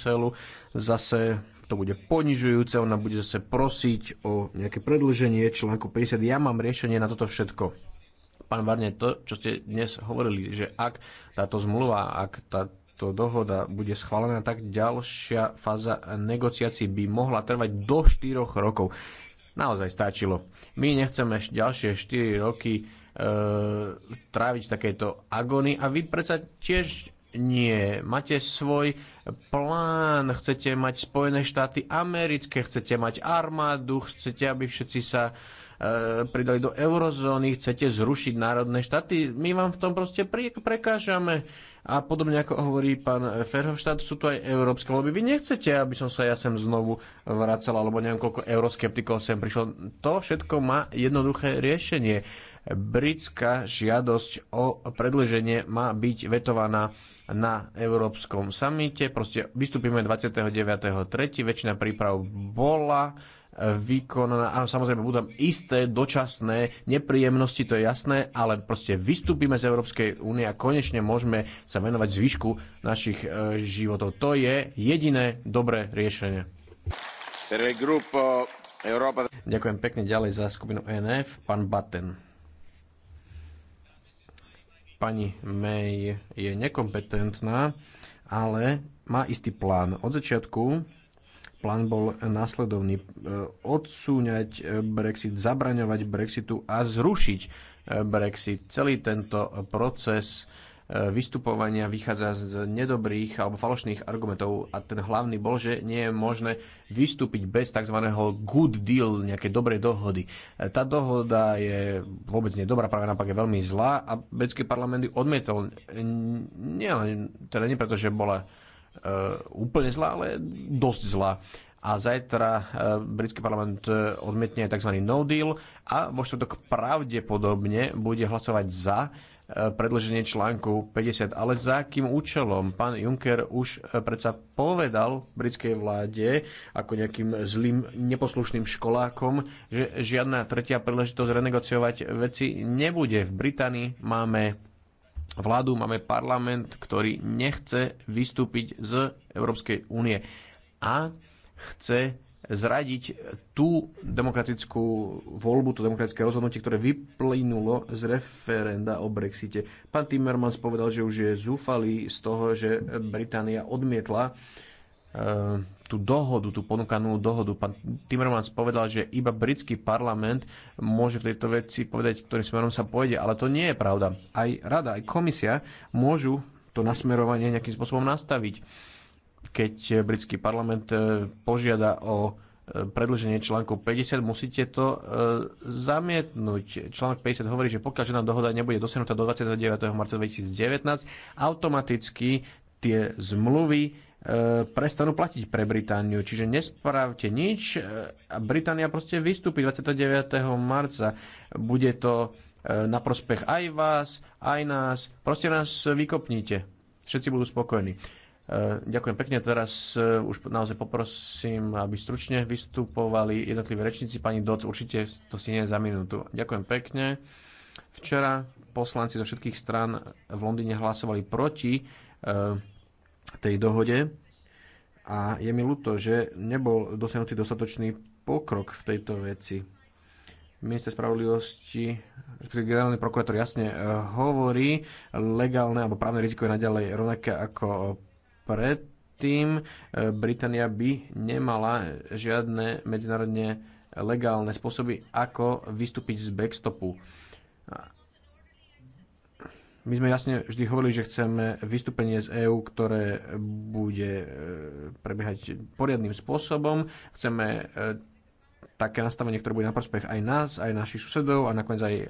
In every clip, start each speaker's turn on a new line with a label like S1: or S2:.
S1: Bruselu. Zase to bude ponižujúce, ona bude zase prosiť o nejaké predlženie článku 50. Ja mám riešenie na toto všetko. Pán Varne, to, čo ste dnes hovorili, že ak táto zmluva, ak táto dohoda bude schválená, tak ďalšia fáza negociácií by mohla trvať do 4 rokov. Naozaj stačilo. My nechceme ďalšie 4 roky e, tráviť takéto agony a vy predsa tiež nie. Máte svoj plán, chcete mať Spojené štáty americké, chcete mať armádu, chcete, aby všetci sa e, pridali do eurozóny, chcete zrušiť národné štáty. My vám v tom proste prekážame. A podobne ako hovorí pán Ferhofštát, sú tu aj európske lobby. Vy nechcete, aby som sa ja sem znovu vracal, alebo neviem, koľko euroskeptikov sem prišlo. To všetko má jednoduché riešenie. Britská žiadosť o predlženie má byť vetovaná na Európskom samite. Proste vystúpime 29.3. Väčšina príprav bola e, vykonaná. Áno, samozrejme, budú tam isté dočasné nepríjemnosti, to je jasné, ale proste vystúpime z Európskej únie a konečne môžeme sa venovať zvyšku našich e, životov. To je jediné dobré riešenie. Ďakujem pekne ďalej za skupinu e NF, pán Batten pani May je nekompetentná, ale má istý plán. Od začiatku plán bol následovný. E, odsúňať e, Brexit, zabraňovať Brexitu a zrušiť e, Brexit. Celý tento proces E, vystupovania vychádza z nedobrých alebo falošných argumentov a ten hlavný bol, že nie je možné vystúpiť bez tzv. good deal, nejaké dobrej dohody. E, tá dohoda je vôbec nedobrá, práve napak je veľmi zlá a britský parlament odmietol nie, teda nie preto, že bola e, úplne zlá, ale dosť zlá a zajtra britský parlament odmietne tzv. no deal a vo štvrtok pravdepodobne bude hlasovať za Eh, predloženie článku 50. Ale za akým účelom? Pán Juncker už eh, predsa povedal britskej vláde ako nejakým zlým, neposlušným školákom, že žiadna tretia príležitosť renegociovať veci nebude. V Británii máme vládu, máme parlament, ktorý nechce vystúpiť z Európskej únie a chce zradiť tú demokratickú voľbu, to demokratické rozhodnutie, ktoré vyplynulo z referenda o Brexite. Pán Timmermans povedal, že už je zúfalý z toho, že Británia odmietla e, tú dohodu, tú ponúkanú dohodu. Pán Timmermans povedal, že iba britský parlament môže v tejto veci povedať, ktorým smerom sa pôjde, ale to nie je pravda. Aj rada, aj komisia môžu to nasmerovanie nejakým spôsobom nastaviť keď eh, britský parlament eh, požiada o eh, predlženie článku 50, musíte to zamietnúť. Článok 50 hovorí, že pokiaľ žiadna dohoda nebude dosiahnutá do 29. marca 2019, automaticky tie zmluvy prestanú platiť pre Britániu. Čiže nespravte nič a Británia proste vystúpi 29. marca. Bude to na prospech aj vás, aj nás. Proste nás vykopnite. Všetci budú spokojní. E, ďakujem pekne. Teraz e, už naozaj poprosím, aby stručne vystupovali jednotliví rečníci. Pani Doc, určite to nie za minútu. Ďakujem pekne. Včera poslanci zo všetkých strán v Londýne hlasovali proti e, tej dohode a je mi ľúto, že nebol dosiahnutý dostatočný pokrok v tejto veci. Minister spravodlivosti, generálny prokurátor jasne hovorí, legálne alebo právne riziko je naďalej rovnaké ako predtým e, Británia by nemala žiadne medzinárodne legálne spôsoby, ako vystúpiť z backstopu. My sme jasne vždy hovorili, že chceme vystúpenie z EÚ, ktoré bude e, prebiehať poriadnym spôsobom. Chceme e, také nastavenie, ktoré bude na prospech aj nás, aj našich susedov a nakoniec aj e,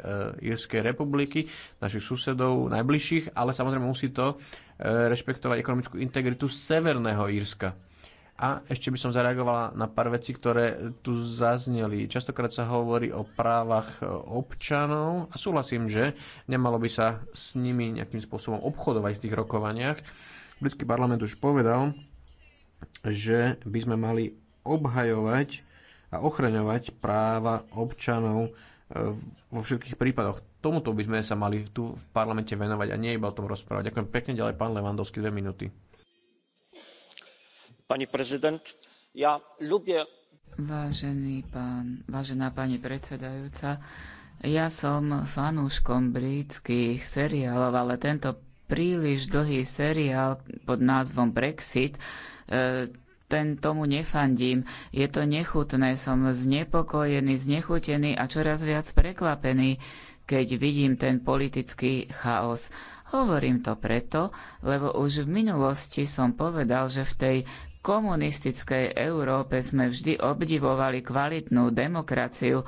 S1: Írskej republiky, našich susedov najbližších, ale samozrejme musí to e, rešpektovať ekonomickú integritu Severného Írska. A ešte by som zareagovala na pár vecí, ktoré tu zazneli. Častokrát sa hovorí o právach e, občanov a súhlasím, že nemalo by sa s nimi nejakým spôsobom obchodovať v tých rokovaniach. Britský parlament už povedal, že by sme mali obhajovať a ochraňovať práva občanov e, vo všetkých prípadoch. Tomuto by sme sa mali tu v parlamente venovať a nie iba o tom rozprávať. Ďakujem pekne ďalej, pán Levandovský, dve minúty.
S2: Pani prezident, ja ľubie...
S3: Vážený pán, vážená pani predsedajúca, ja som fanúškom britských seriálov, ale tento príliš dlhý seriál pod názvom Brexit e, ten tomu nefandím. Je to nechutné, som znepokojený, znechutený a čoraz viac prekvapený, keď vidím ten politický chaos. Hovorím to preto, lebo už v minulosti som povedal, že v tej komunistickej Európe sme vždy obdivovali kvalitnú demokraciu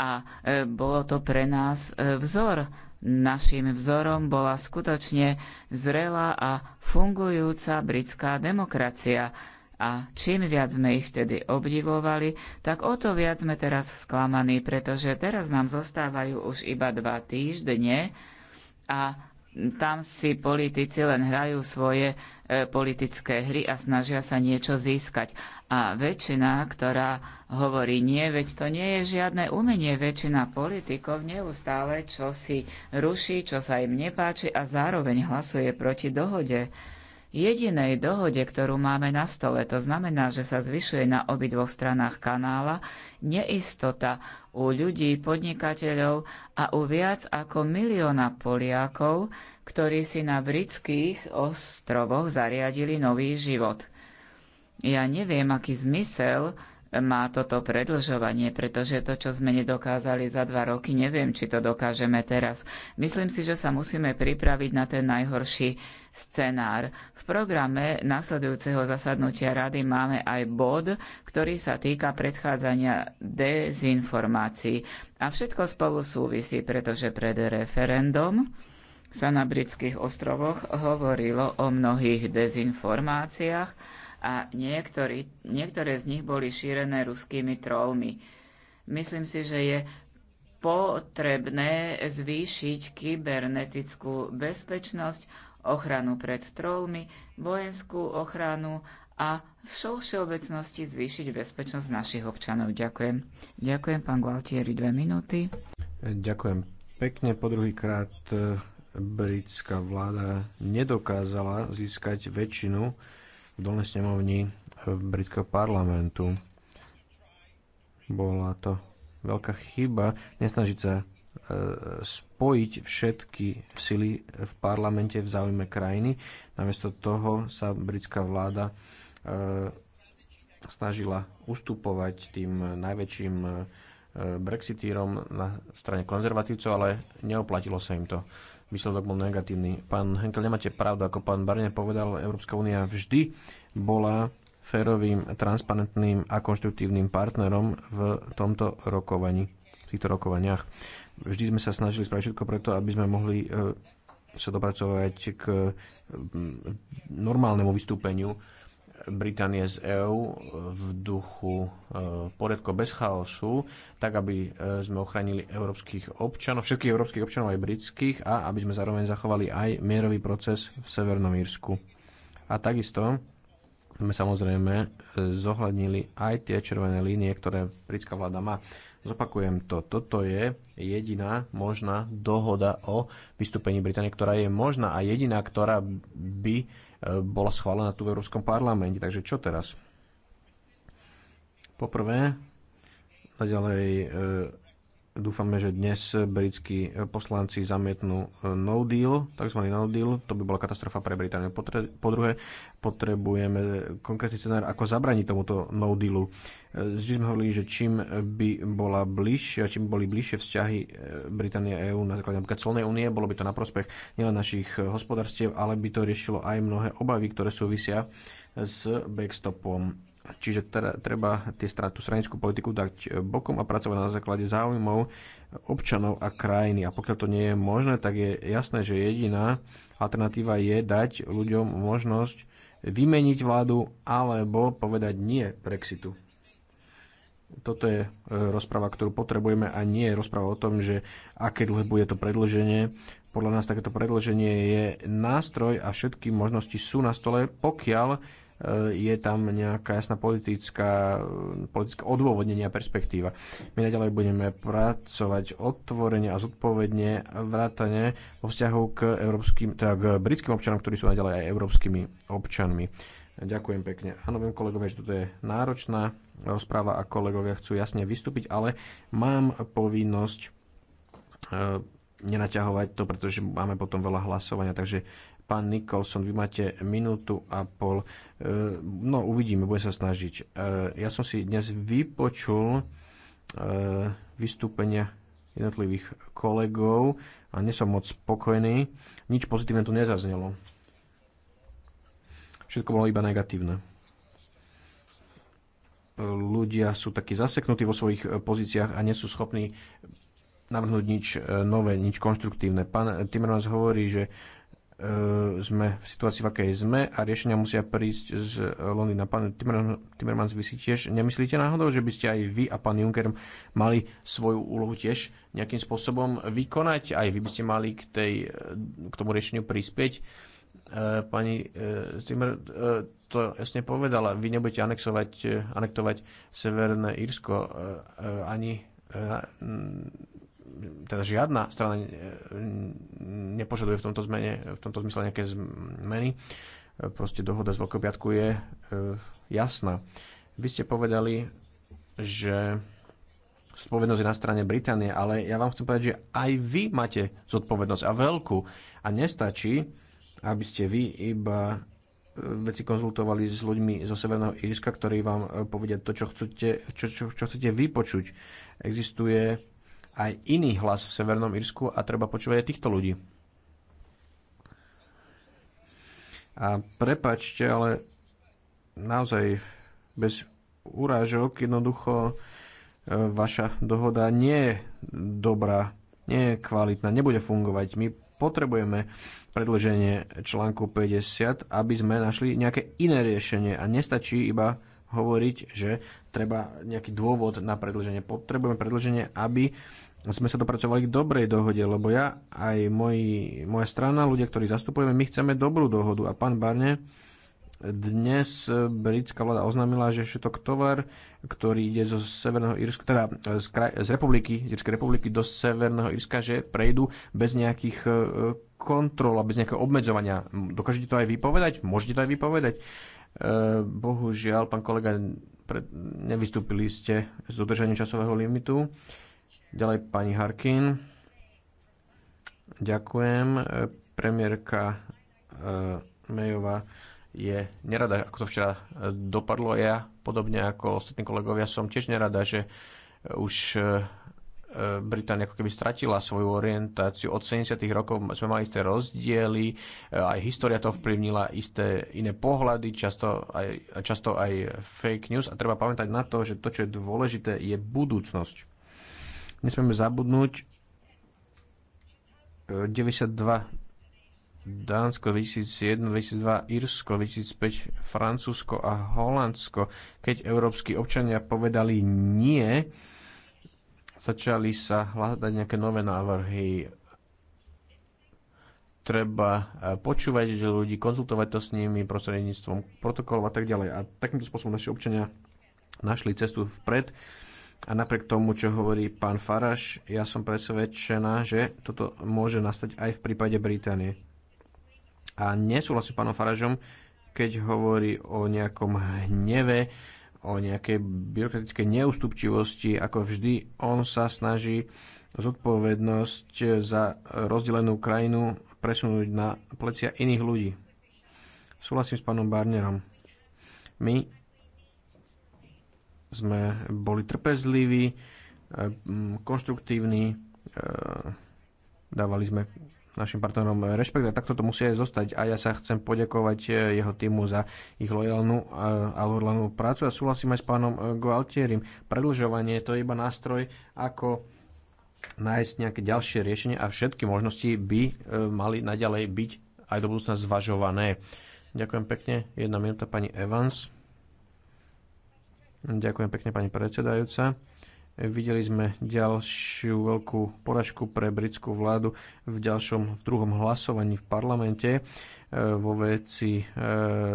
S3: a e, bolo to pre nás e, vzor. Naším vzorom bola skutočne zrelá a fungujúca britská demokracia. A čím viac sme ich vtedy obdivovali, tak o to viac sme teraz sklamaní, pretože teraz nám zostávajú už iba dva týždne a tam si politici len hrajú svoje e, politické hry a snažia sa niečo získať. A väčšina, ktorá hovorí nie, veď to nie je žiadne umenie, väčšina politikov neustále čo si ruší, čo sa im nepáči a zároveň hlasuje proti dohode jedinej dohode, ktorú máme na stole, to znamená, že sa zvyšuje na obidvoch stranách kanála neistota u ľudí, podnikateľov a u viac ako milióna Poliakov, ktorí si na britských ostrovoch zariadili nový život. Ja neviem, aký zmysel má toto predlžovanie, pretože to, čo sme nedokázali za dva roky, neviem, či to dokážeme teraz. Myslím si, že sa musíme pripraviť na ten najhorší scenár. V programe nasledujúceho zasadnutia rady máme aj bod, ktorý sa týka predchádzania dezinformácií. A všetko spolu súvisí, pretože pred referendum sa na britských ostrovoch hovorilo o mnohých dezinformáciách, a niektorí, niektoré z nich boli šírené ruskými trolmi. Myslím si, že je potrebné zvýšiť kybernetickú bezpečnosť, ochranu pred trolmi, vojenskú ochranu a v všeobecnosti zvýšiť bezpečnosť našich občanov. Ďakujem. Ďakujem, pán Gualtieri, dve minúty. Ďakujem pekne. Po druhýkrát eh, britská
S1: vláda nedokázala získať väčšinu v dolnej snemovni eh, britského parlamentu. Bola to veľká chyba nesnažiť sa eh, spojiť všetky sily v parlamente v záujme krajiny. Namiesto toho sa britská vláda eh, snažila ustupovať tým najväčším brexitírom na strane konzervatívcov, ale neoplatilo sa im to výsledok bol negatívny. Pán Henkel, nemáte pravdu, ako pán Barne povedal, Európska únia vždy bola férovým, transparentným a konštruktívnym partnerom v tomto rokovaní, v týchto rokovaniach. Vždy sme sa snažili spraviť všetko preto, aby sme mohli e, sa dopracovať k normálnemu vystúpeniu Británie z EÚ v duchu e, poriadko bez chaosu, tak aby e, sme ochránili európskych občanov, všetkých európskych občanov aj britských a aby sme zároveň zachovali aj mierový proces v Severnom Írsku. A takisto sme samozrejme e, zohľadnili aj tie červené línie, ktoré britská vláda má. Zopakujem to. Toto je jediná možná dohoda o vystúpení Británie, ktorá je možná a jediná, ktorá by bola schválená tu v Európskom parlamente. Takže čo teraz? Poprvé, naďalej Dúfame, že dnes britskí poslanci zamietnú e, no deal, tzv. no deal. To by bola katastrofa pre Britániu. po druhé, potrebujeme konkrétny scenár, ako zabraniť tomuto no dealu. E, vždy sme hovorili, že čím by bola bližšia, čím boli bližšie vzťahy e, Británie a EÚ na základe napríklad celnej únie, bolo by to na prospech nielen našich hospodárstiev, ale by to riešilo aj mnohé obavy, ktoré súvisia s backstopom Čiže teda treba tie tú stranickú politiku dať e, bokom a pracovať na základe záujmov občanov a krajiny. A pokiaľ to nie je možné, tak je jasné, že jediná alternatíva je dať ľuďom možnosť vymeniť vládu alebo povedať nie Brexitu. Toto je e, rozpráva, ktorú potrebujeme a nie je rozpráva o tom, že aké dlhé bude to predlženie. Podľa nás takéto predlženie je nástroj a všetky možnosti sú na stole, pokiaľ E, je tam nejaká jasná politická, politická odôvodnenia perspektíva. My naďalej budeme pracovať otvorene a zodpovedne vrátane vo vzťahu k, európskym, teda k britským občanom, ktorí sú naďalej aj európskymi občanmi. Ďakujem pekne. Áno, viem kolegovia, že toto je náročná rozpráva a kolegovia chcú jasne vystúpiť, ale mám povinnosť e, nenaťahovať to, pretože máme potom veľa hlasovania, takže Pán Nikolson, vy máte minútu a pol. E, no, uvidíme, budem sa snažiť. E, ja som si dnes vypočul e, vystúpenia jednotlivých kolegov a nie som moc spokojný. Nič pozitívne tu nezaznelo. Všetko bolo iba negatívne. Ľudia sú takí zaseknutí vo svojich pozíciách a nie sú schopní navrhnúť nič nové, nič konštruktívne. Pán Timmermans hovorí, že E, sme v situácii, v akej sme a riešenia musia prísť z Londýna. Pán Timmermans, vy si tiež nemyslíte náhodou, že by ste aj vy a pán Juncker mali svoju úlohu tiež nejakým spôsobom vykonať? Aj vy by ste mali k, tej, k tomu riešeniu prispieť? E, pani e, e, to jasne povedala, vy nebudete anexovať, anektovať Severné Írsko ani teda žiadna strana e, nepožaduje v tomto, zmene, v tomto zmysle nejaké zmeny. E, proste dohoda z Veľkého piatku je e, jasná. Vy ste povedali, že zodpovednosť je na strane Británie, ale ja vám chcem povedať, že aj vy máte zodpovednosť a veľkú. A nestačí, aby ste vy iba veci konzultovali s ľuďmi zo Severného Írska, ktorí vám povedia to, čo chcete, čo, čo, čo chcete vypočuť. Existuje aj iný hlas v Severnom Írsku a treba počúvať aj týchto ľudí. A prepačte, ale naozaj bez urážok jednoducho e, vaša dohoda nie je dobrá, nie je kvalitná, nebude fungovať. My potrebujeme predloženie článku 50, aby sme našli nejaké iné riešenie a nestačí iba hovoriť, že treba nejaký dôvod na predlženie. Potrebujeme predlženie, aby sme sa dopracovali k dobrej dohode, lebo ja aj moji, moja strana, ľudia, ktorí zastupujeme, my chceme dobrú dohodu. A pán Barne, dnes britská vláda oznámila, že všetok tovar, ktorý ide zo Severného Irska, teda z, kraj, z republiky, z Irskej republiky do Severného Irska, že prejdú bez nejakých e, kontrol a bez nejakého obmedzovania. Dokážete to aj vypovedať? Môžete to aj vypovedať? E, bohužiaľ, pán kolega, nevystúpili ste z dodržaním časového limitu. Ďalej pani Harkin. Ďakujem. Premiérka e, Mejová je nerada, ako to včera e, dopadlo. Ja, podobne ako ostatní kolegovia, som tiež nerada, že už e, Británia ako keby stratila svoju orientáciu. Od 70. rokov sme mali isté rozdiely, aj história to vplyvnila, isté iné pohľady, často aj, často aj fake news. A treba pamätať na to, že to, čo je dôležité, je budúcnosť. Nesmieme zabudnúť 92 e, Dánsko, 2001, 2002 Írsko, 2005 Francúzsko a Holandsko. Keď európsky občania povedali nie, začali sa hľadať nejaké nové návrhy. Treba e, počúvať ľudí, konzultovať to s nimi prostredníctvom protokolov a tak ďalej. A takýmto spôsobom naši občania našli cestu vpred. A napriek tomu, čo hovorí pán Faraš, ja som presvedčená, že toto môže nastať aj v prípade Británie. A nesúhlasím s pánom Faražom, keď hovorí o nejakom hneve, o nejakej byrokratickej neústupčivosti. Ako vždy, on sa snaží zodpovednosť za rozdelenú krajinu presunúť na plecia iných ľudí. Súhlasím s pánom Barnerom. My sme boli trpezliví, e, konštruktívni, e, dávali sme našim partnerom rešpekt a takto to musí aj zostať. A ja sa chcem poďakovať e, jeho týmu za ich lojálnu a odhodlanú prácu a súhlasím aj s pánom Gualtierim. Predlžovanie to je iba nástroj, ako nájsť nejaké ďalšie riešenie a všetky možnosti by mali naďalej byť aj do budúcna zvažované. Ďakujem pekne. Jedna minúta pani Evans. Ďakujem pekne, pani predsedajúca. Videli sme ďalšiu veľkú poražku pre britskú vládu v ďalšom, v druhom hlasovaní v parlamente e, vo veci e,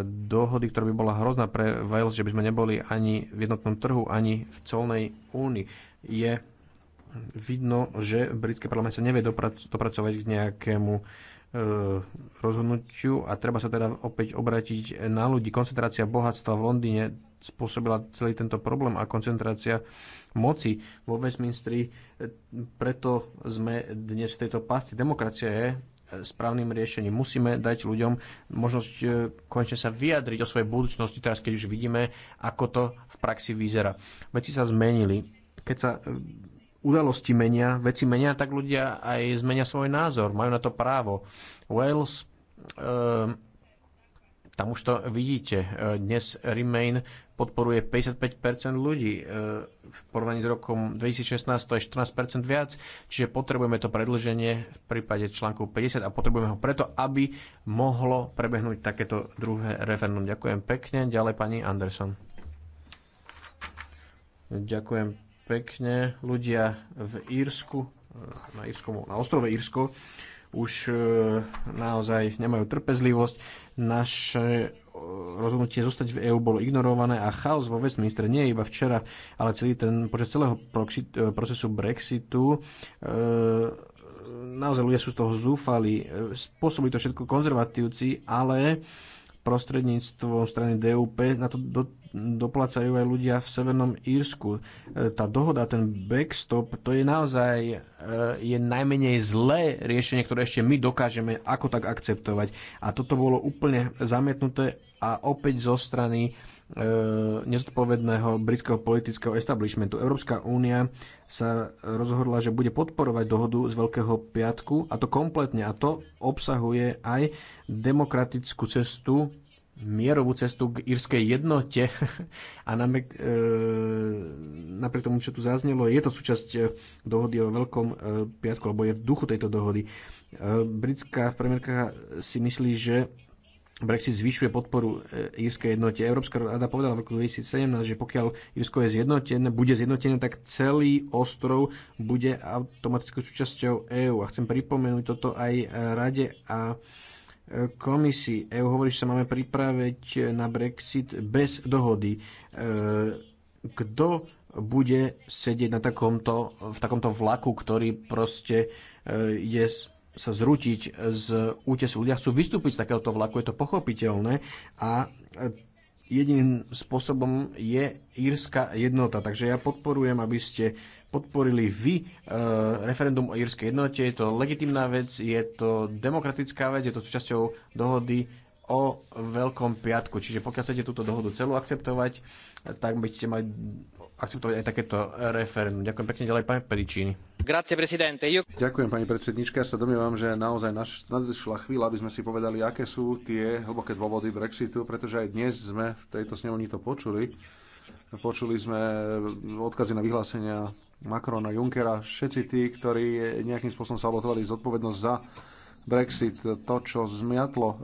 S1: dohody, ktorá by bola hrozná pre Wales, že by sme neboli ani v jednotnom trhu, ani v colnej únii. Je vidno, že britský parlament sa nevie dopracovať k nejakému e, rozhodnutiu a treba sa teda opäť obratiť na ľudí. Koncentrácia bohatstva v Londýne spôsobila celý tento problém a koncentrácia moci vo Westminstri. Preto sme dnes v tejto pásci. Demokracia je správnym riešením. Musíme dať ľuďom možnosť e, konečne sa vyjadriť o svojej budúcnosti, teraz keď už vidíme, ako to v praxi vyzerá. Veci sa zmenili. Keď sa e, udalosti menia, veci menia, tak ľudia aj zmenia svoj názor. Majú na to právo. Wales, e, tam už to vidíte. E, dnes Remain podporuje 55% ľudí. E, v porovnaní s rokom 2016 to je 14% viac, čiže potrebujeme to predlženie v prípade článku 50 a potrebujeme ho preto, aby mohlo prebehnúť takéto druhé referendum. Ďakujem pekne. Ďalej pani Anderson. Ďakujem pekne. Ľudia v Írsku, e, na, Írskom, na ostrove Írsko, už naozaj nemajú trpezlivosť naše rozhodnutie zostať v EÚ bolo ignorované a chaos vo Westminstere nie iba včera, ale celý ten, počas celého e, procesu Brexitu e, naozaj ľudia sú z toho zúfali. E, spôsobili to všetko konzervatívci, ale prostredníctvom strany DUP na to do, doplácajú aj ľudia v Severnom Írsku. E, tá dohoda, ten backstop, to je naozaj e, je najmenej zlé riešenie, ktoré ešte my dokážeme ako tak akceptovať. A toto bolo úplne zamietnuté a opäť zo strany uh, E, nezodpovedného britského politického establishmentu. Európska únia sa rozhodla, že bude podporovať dohodu z Veľkého piatku a to kompletne. A to obsahuje aj demokratickú cestu mierovú cestu k írskej jednote a napriek, e, napriek tomu, čo tu zaznelo, je to súčasť e, dohody o Veľkom e, piatku, alebo je v duchu tejto dohody. E, britská premiérka si myslí, že Brexit zvyšuje podporu e, írskej jednote. Európska rada povedala v roku 2017, že pokiaľ Írsko je zjednotené, bude zjednotené, tak celý ostrov bude automatickou súčasťou EÚ. A chcem pripomenúť toto aj rade a e, komisii. EÚ hovorí, že sa máme pripraviť na Brexit bez dohody. E, kto bude sedieť na takomto, v takomto vlaku, ktorý proste je sa zrútiť z útesu. Ľudia chcú vystúpiť z takéhoto vlaku, je to pochopiteľné a jediným spôsobom je írska jednota. Takže ja podporujem, aby ste podporili vy e, referendum o írskej jednote. Je to legitimná vec, je to demokratická vec, je to súčasťou dohody o Veľkom piatku. Čiže pokiaľ chcete túto dohodu celú akceptovať, tak by ste mali akceptovať aj takéto referendum. Ďakujem pekne ďalej, pán Pedičíny.
S4: Grazie, presidente. Io...
S1: Ďakujem, pani predsednička. Ja sa domnievam, že naozaj nadešla chvíľa, aby sme si
S5: povedali, aké sú tie hlboké dôvody Brexitu, pretože aj dnes sme v tejto snemovni to počuli. Počuli sme odkazy na vyhlásenia Macrona, Junckera, všetci tí, ktorí nejakým spôsobom sabotovali zodpovednosť za Brexit, to, čo zmiatlo e,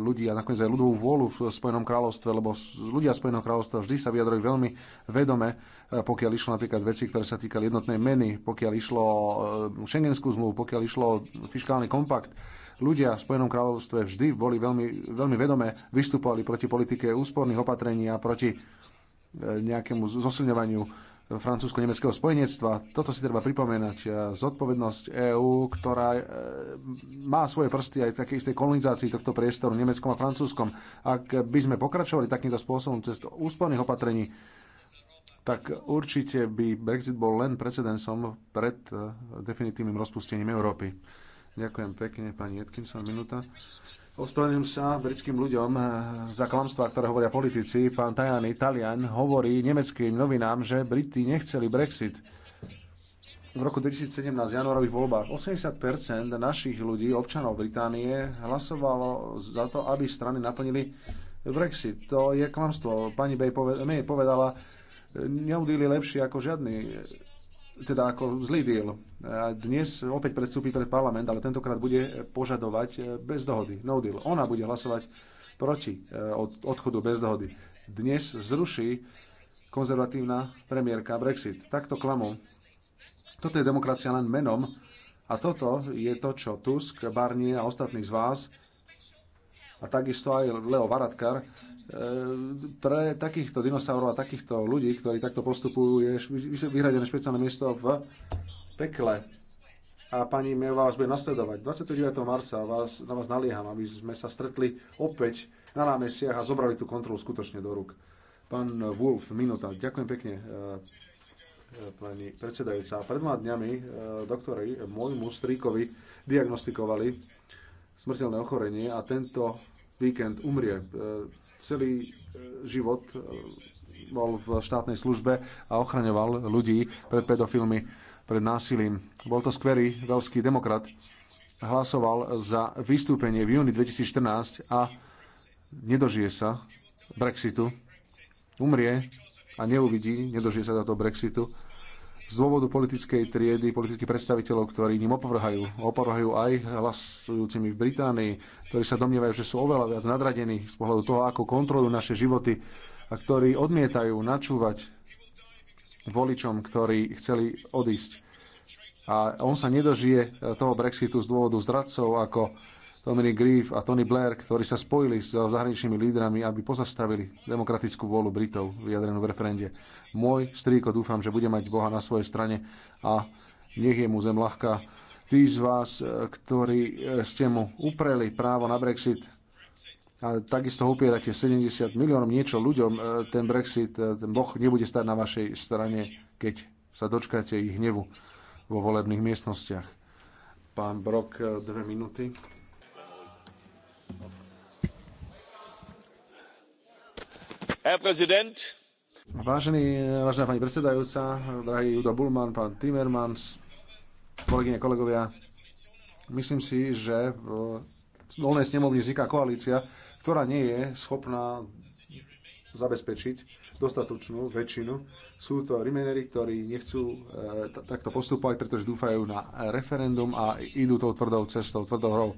S5: ľudí a nakoniec aj ľudovú vôľu v Spojenom kráľovstve, lebo ľudia Spojeného kráľovstva vždy sa vyjadrajú veľmi vedome, e, pokiaľ išlo napríklad veci, ktoré sa týkali jednotnej meny, pokiaľ išlo o e, šengenskú zmluvu, pokiaľ išlo o fiskálny kompakt. Ľudia v Spojenom kráľovstve vždy boli veľmi, veľmi vedome, vystupovali proti politike úsporných opatrení a proti nejakému zosilňovaniu francúzsko-nemeckého spojenectva. Toto si treba pripomenať. Zodpovednosť EÚ, ktorá e, má svoje prsty aj v takej istej kolonizácii tohto priestoru nemeckom a francúzskom. Ak by sme pokračovali takýmto spôsobom cez úsporných opatrení, tak určite by Brexit bol len precedensom pred e, definitívnym rozpustením Európy. Ďakujem pekne, pani Atkinson, minúta. Ospravedlňujem sa britským ľuďom eh, za klamstvá, ktoré hovoria politici. Pán Tajani, Talian, hovorí nemeckým novinám, že Briti nechceli Brexit. V roku 2017, januárových voľbách, 80% našich ľudí, občanov Británie, hlasovalo za to, aby strany naplnili Brexit. To je klamstvo. Pani May povedala, neudíli lepšie ako žiadny teda ako zlý deal. A dnes opäť predstúpi pred parlament, ale tentokrát bude požadovať e, bez dohody, no deal. Ona bude hlasovať proti e, od, odchodu bez dohody. Dnes zruší konzervatívna premiérka Brexit. Takto klamú. Toto je demokracia len menom a toto je to, čo Tusk, Barnier a ostatní z vás a takisto aj Leo Varadkar E, pre takýchto dinosaurov a takýchto ľudí, ktorí takto postupujú, je vyhradené špeciálne miesto v pekle. A pani Miel vás bude nasledovať. 29. marca vás, na vás nalieham, aby sme sa stretli opäť na námestiach a zobrali tú kontrolu skutočne do rúk. Pán Wolf, minúta. Ďakujem pekne, e, e, pani predsedajúca. Pred dva dňami doktori môjmu strýkovi diagnostikovali smrteľné ochorenie a tento víkend umrie. E, celý e, život e, bol v štátnej službe a ochraňoval ľudí pred pedofilmi, pred násilím. Bol to skvelý veľský demokrat. Hlasoval za vystúpenie v júni 2014 a nedožije sa Brexitu. Umrie a neuvidí, nedožije sa to Brexitu z dôvodu politickej triedy, politických predstaviteľov, ktorí ním opovrhajú. Opovrhajú aj hlasujúcimi v Británii, ktorí sa domnievajú, že sú oveľa viac nadradení z pohľadu toho, ako kontrolujú naše životy a ktorí odmietajú načúvať voličom, ktorí chceli odísť. A on sa nedožije toho Brexitu z dôvodu zdradcov ako Dominic Grief a Tony Blair, ktorí sa spojili s zahraničnými lídrami, aby pozastavili demokratickú vôľu Britov vyjadrenú v referende. Môj strýko dúfam, že bude mať Boha na svojej strane a nech je mu zem ľahká. Tí z vás, e, ktorí e, ste mu upreli právo na Brexit, a takisto upierate 70 miliónov niečo ľuďom, e, ten Brexit, ten Boh nebude stať na vašej strane, keď sa dočkáte ich hnevu vo volebných miestnostiach. Pán Brok, dve minúty vážená pani predsedajúca, drahý udo bullmann pán Timmermans, kolegyne, kolegovia, myslím si, že v dolnej snemovni vzniká koalícia, ktorá nie je schopná zabezpečiť dostatočnú väčšinu. Sú to rimenery, ktorí nechcú e, takto postupovať, pretože dúfajú na referendum a idú tou tvrdou cestou, tvrdou hrou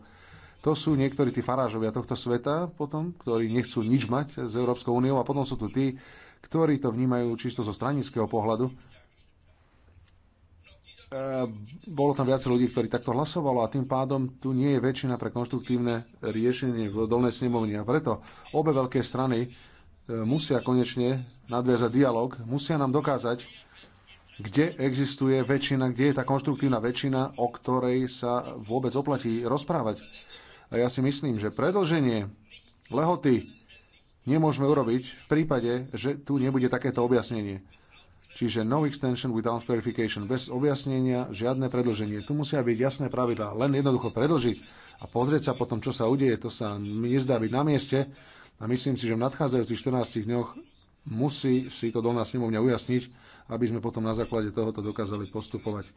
S5: to sú niektorí tí farážovia tohto sveta potom, ktorí nechcú nič mať s Európskou úniou a potom sú tu tí, ktorí to vnímajú čisto zo stranického pohľadu. E, bolo tam viac ľudí, ktorí takto hlasovalo a tým pádom tu nie je väčšina pre konštruktívne riešenie v dolnej snemovni. A preto obe veľké strany e, musia konečne nadviazať dialog, musia nám dokázať, kde existuje väčšina, kde je tá konštruktívna väčšina, o ktorej sa vôbec oplatí rozprávať a ja si myslím, že predlženie lehoty nemôžeme urobiť v prípade, že tu nebude takéto objasnenie. Čiže no extension without verification, Bez objasnenia žiadne predlženie. Tu musia byť jasné pravidlá. Len jednoducho predlžiť a pozrieť sa potom, čo sa udeje, to sa mi nezdá byť na mieste. A myslím si, že v nadchádzajúcich 14 dňoch musí si to do nás nemovňa ujasniť, aby sme potom na základe tohoto dokázali postupovať.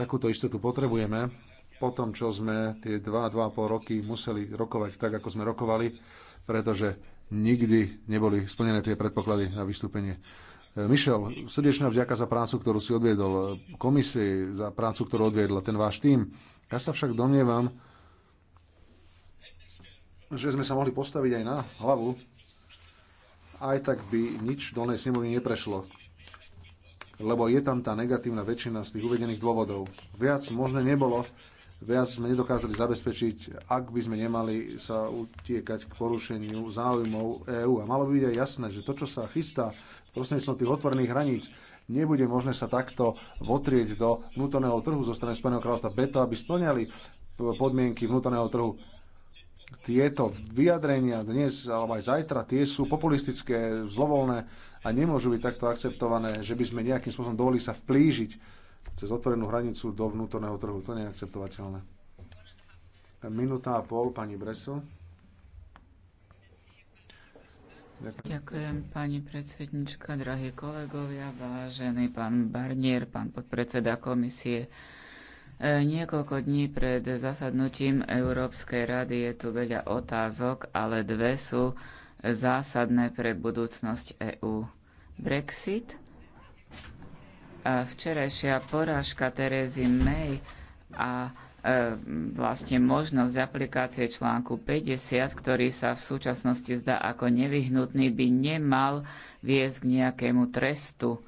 S5: Takúto istotu potrebujeme po tom, čo sme tie 2-2,5 roky museli rokovať tak, ako sme rokovali, pretože nikdy neboli splnené tie predpoklady na vystúpenie. E, Mišel, srdečná vďaka za prácu, ktorú si odviedol, e, komisii za prácu, ktorú odviedla ten váš tým. Ja sa však domnievam, že sme sa mohli postaviť aj na hlavu, aj tak by nič nej snemovne neprešlo lebo je tam tá negatívna väčšina z tých uvedených dôvodov. Viac možné nebolo, viac sme nedokázali zabezpečiť, ak by sme nemali sa utiekať k porušeniu záujmov EÚ. A malo by byť aj jasné, že to, čo sa chystá prostredníctvom tých otvorených hraníc, nebude možné sa takto votrieť do vnútorného trhu zo strany Spojeného kráľovstva beto, aby splňali podmienky vnútorného trhu. Tieto vyjadrenia dnes alebo aj zajtra, tie sú populistické, zlovolné a nemôžu byť takto akceptované, že by sme nejakým spôsobom dovolili sa vplížiť cez otvorenú hranicu do vnútorného trhu. To nie je akceptovateľné. Minúta a pol, pani Breso.
S3: Ďakujem. Ďakujem, pani predsednička, drahí kolegovia, vážený pán Barnier, pán podpredseda komisie. E, niekoľko dní pred zasadnutím Európskej rady je tu veľa otázok, ale dve sú zásadné pre budúcnosť EÚ. Brexit včerajšia porážka Terezy May a e, vlastne možnosť aplikácie článku 50, ktorý sa v súčasnosti zdá ako nevyhnutný, by nemal viesť k nejakému trestu.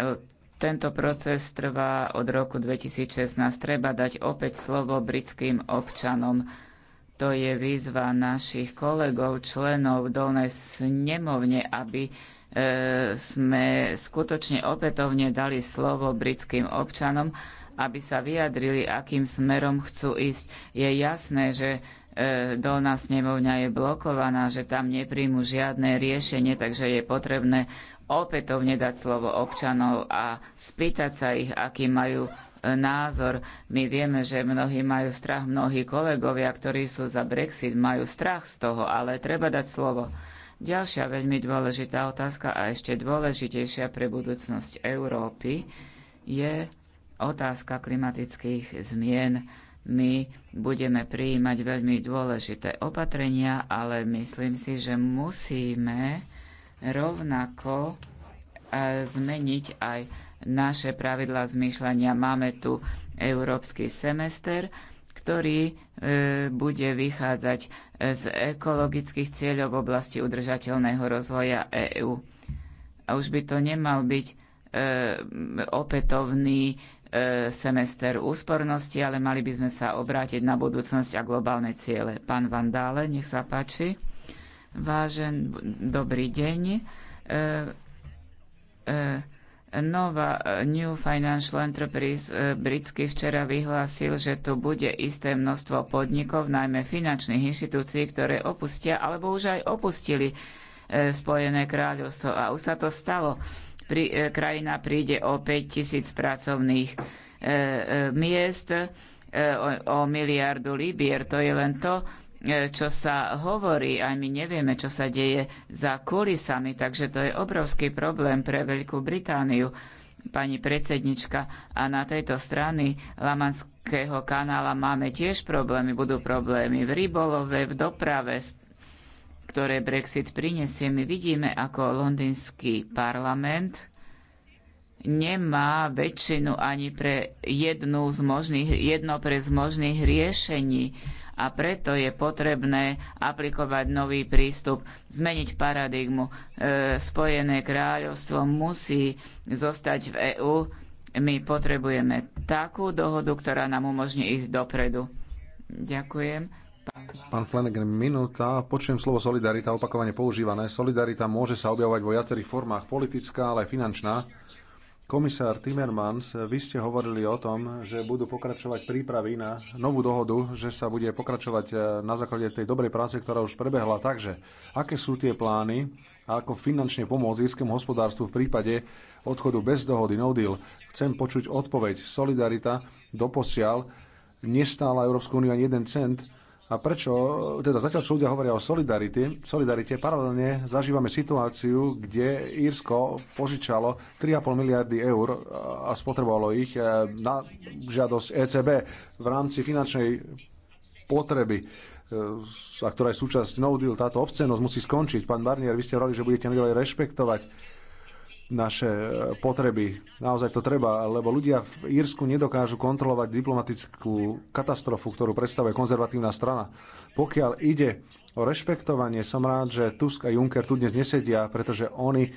S3: E, tento proces trvá od roku 2016. Treba dať opäť slovo britským občanom. To je výzva našich kolegov, členov dolnej snemovne, aby E, sme skutočne opätovne dali slovo britským občanom, aby sa vyjadrili, akým smerom chcú ísť. Je jasné, že e, dolná snemovňa je blokovaná, že tam nepríjmu žiadne riešenie, takže je potrebné opätovne dať slovo občanov a spýtať sa ich, aký majú e, názor. My vieme, že mnohí majú strach, mnohí kolegovia, ktorí sú za Brexit, majú strach z toho, ale treba dať slovo Ďalšia veľmi dôležitá otázka a ešte dôležitejšia pre budúcnosť Európy je otázka klimatických zmien. My budeme prijímať veľmi dôležité opatrenia, ale myslím si, že musíme rovnako e, zmeniť aj naše pravidlá zmýšľania. Máme tu európsky semester, ktorý e, bude vychádzať e, z ekologických cieľov v oblasti udržateľného rozvoja EÚ. A už by to nemal byť e, opätovný semester úspornosti, ale mali by sme sa obrátiť na budúcnosť a globálne ciele. Pán Vandále, nech sa páči. Vážen, dobrý deň. E, e, Nová eh, New Financial Enterprise eh, britsky včera vyhlásil, že tu bude isté množstvo podnikov, najmä finančných inštitúcií, ktoré opustia alebo už aj opustili eh, Spojené kráľovstvo. A už sa to stalo. Pri, krajina príde o 5 tisíc pracovných miest, o, o miliardu libier. To je len to, E, čo sa hovorí, aj my nevieme, čo sa deje za kulisami, takže to je obrovský problém pre Veľkú Britániu pani predsednička. A na tejto strany Lamanského kanála máme tiež problémy. Budú problémy v rybolove, v doprave, ktoré Brexit prinesie. My vidíme, ako londýnsky parlament nemá väčšinu ani pre jednu z možných, jedno pre z možných riešení a preto je potrebné aplikovať nový prístup, zmeniť paradigmu. E, Spojené kráľovstvo musí zostať v EÚ. My potrebujeme takú dohodu, ktorá nám umožní ísť dopredu. Ďakujem.
S5: Pán Flanagan, minúta. Počujem slovo solidarita opakovane používané. Solidarita môže sa objavovať vo viacerých formách, politická, ale aj finančná Komisár Timmermans, vy ste hovorili o tom, že budú pokračovať prípravy na novú dohodu, že sa bude pokračovať e, na základe tej dobrej práce, ktorá už prebehla. Takže, aké sú tie plány a ako finančne pomôcť írskému hospodárstvu v prípade odchodu bez dohody, no deal? Chcem počuť odpoveď. Solidarita doposiaľ nestála Európsku úniu ani jeden cent a prečo, teda zatiaľ čo ľudia hovoria o solidarite, solidarite paralelne zažívame situáciu, kde Írsko požičalo 3,5 miliardy eur e, a spotrebovalo ich e, na žiadosť ECB v rámci finančnej potreby e, a ktorá je súčasť no deal, táto obscenosť musí skončiť. Pán Barnier, vy ste hovorili, že budete naďalej rešpektovať naše e, potreby. Naozaj to treba, lebo ľudia v Írsku nedokážu kontrolovať diplomatickú katastrofu, ktorú predstavuje konzervatívna strana. Pokiaľ ide o rešpektovanie, som rád, že Tusk a Juncker tu dnes nesedia, pretože oni e,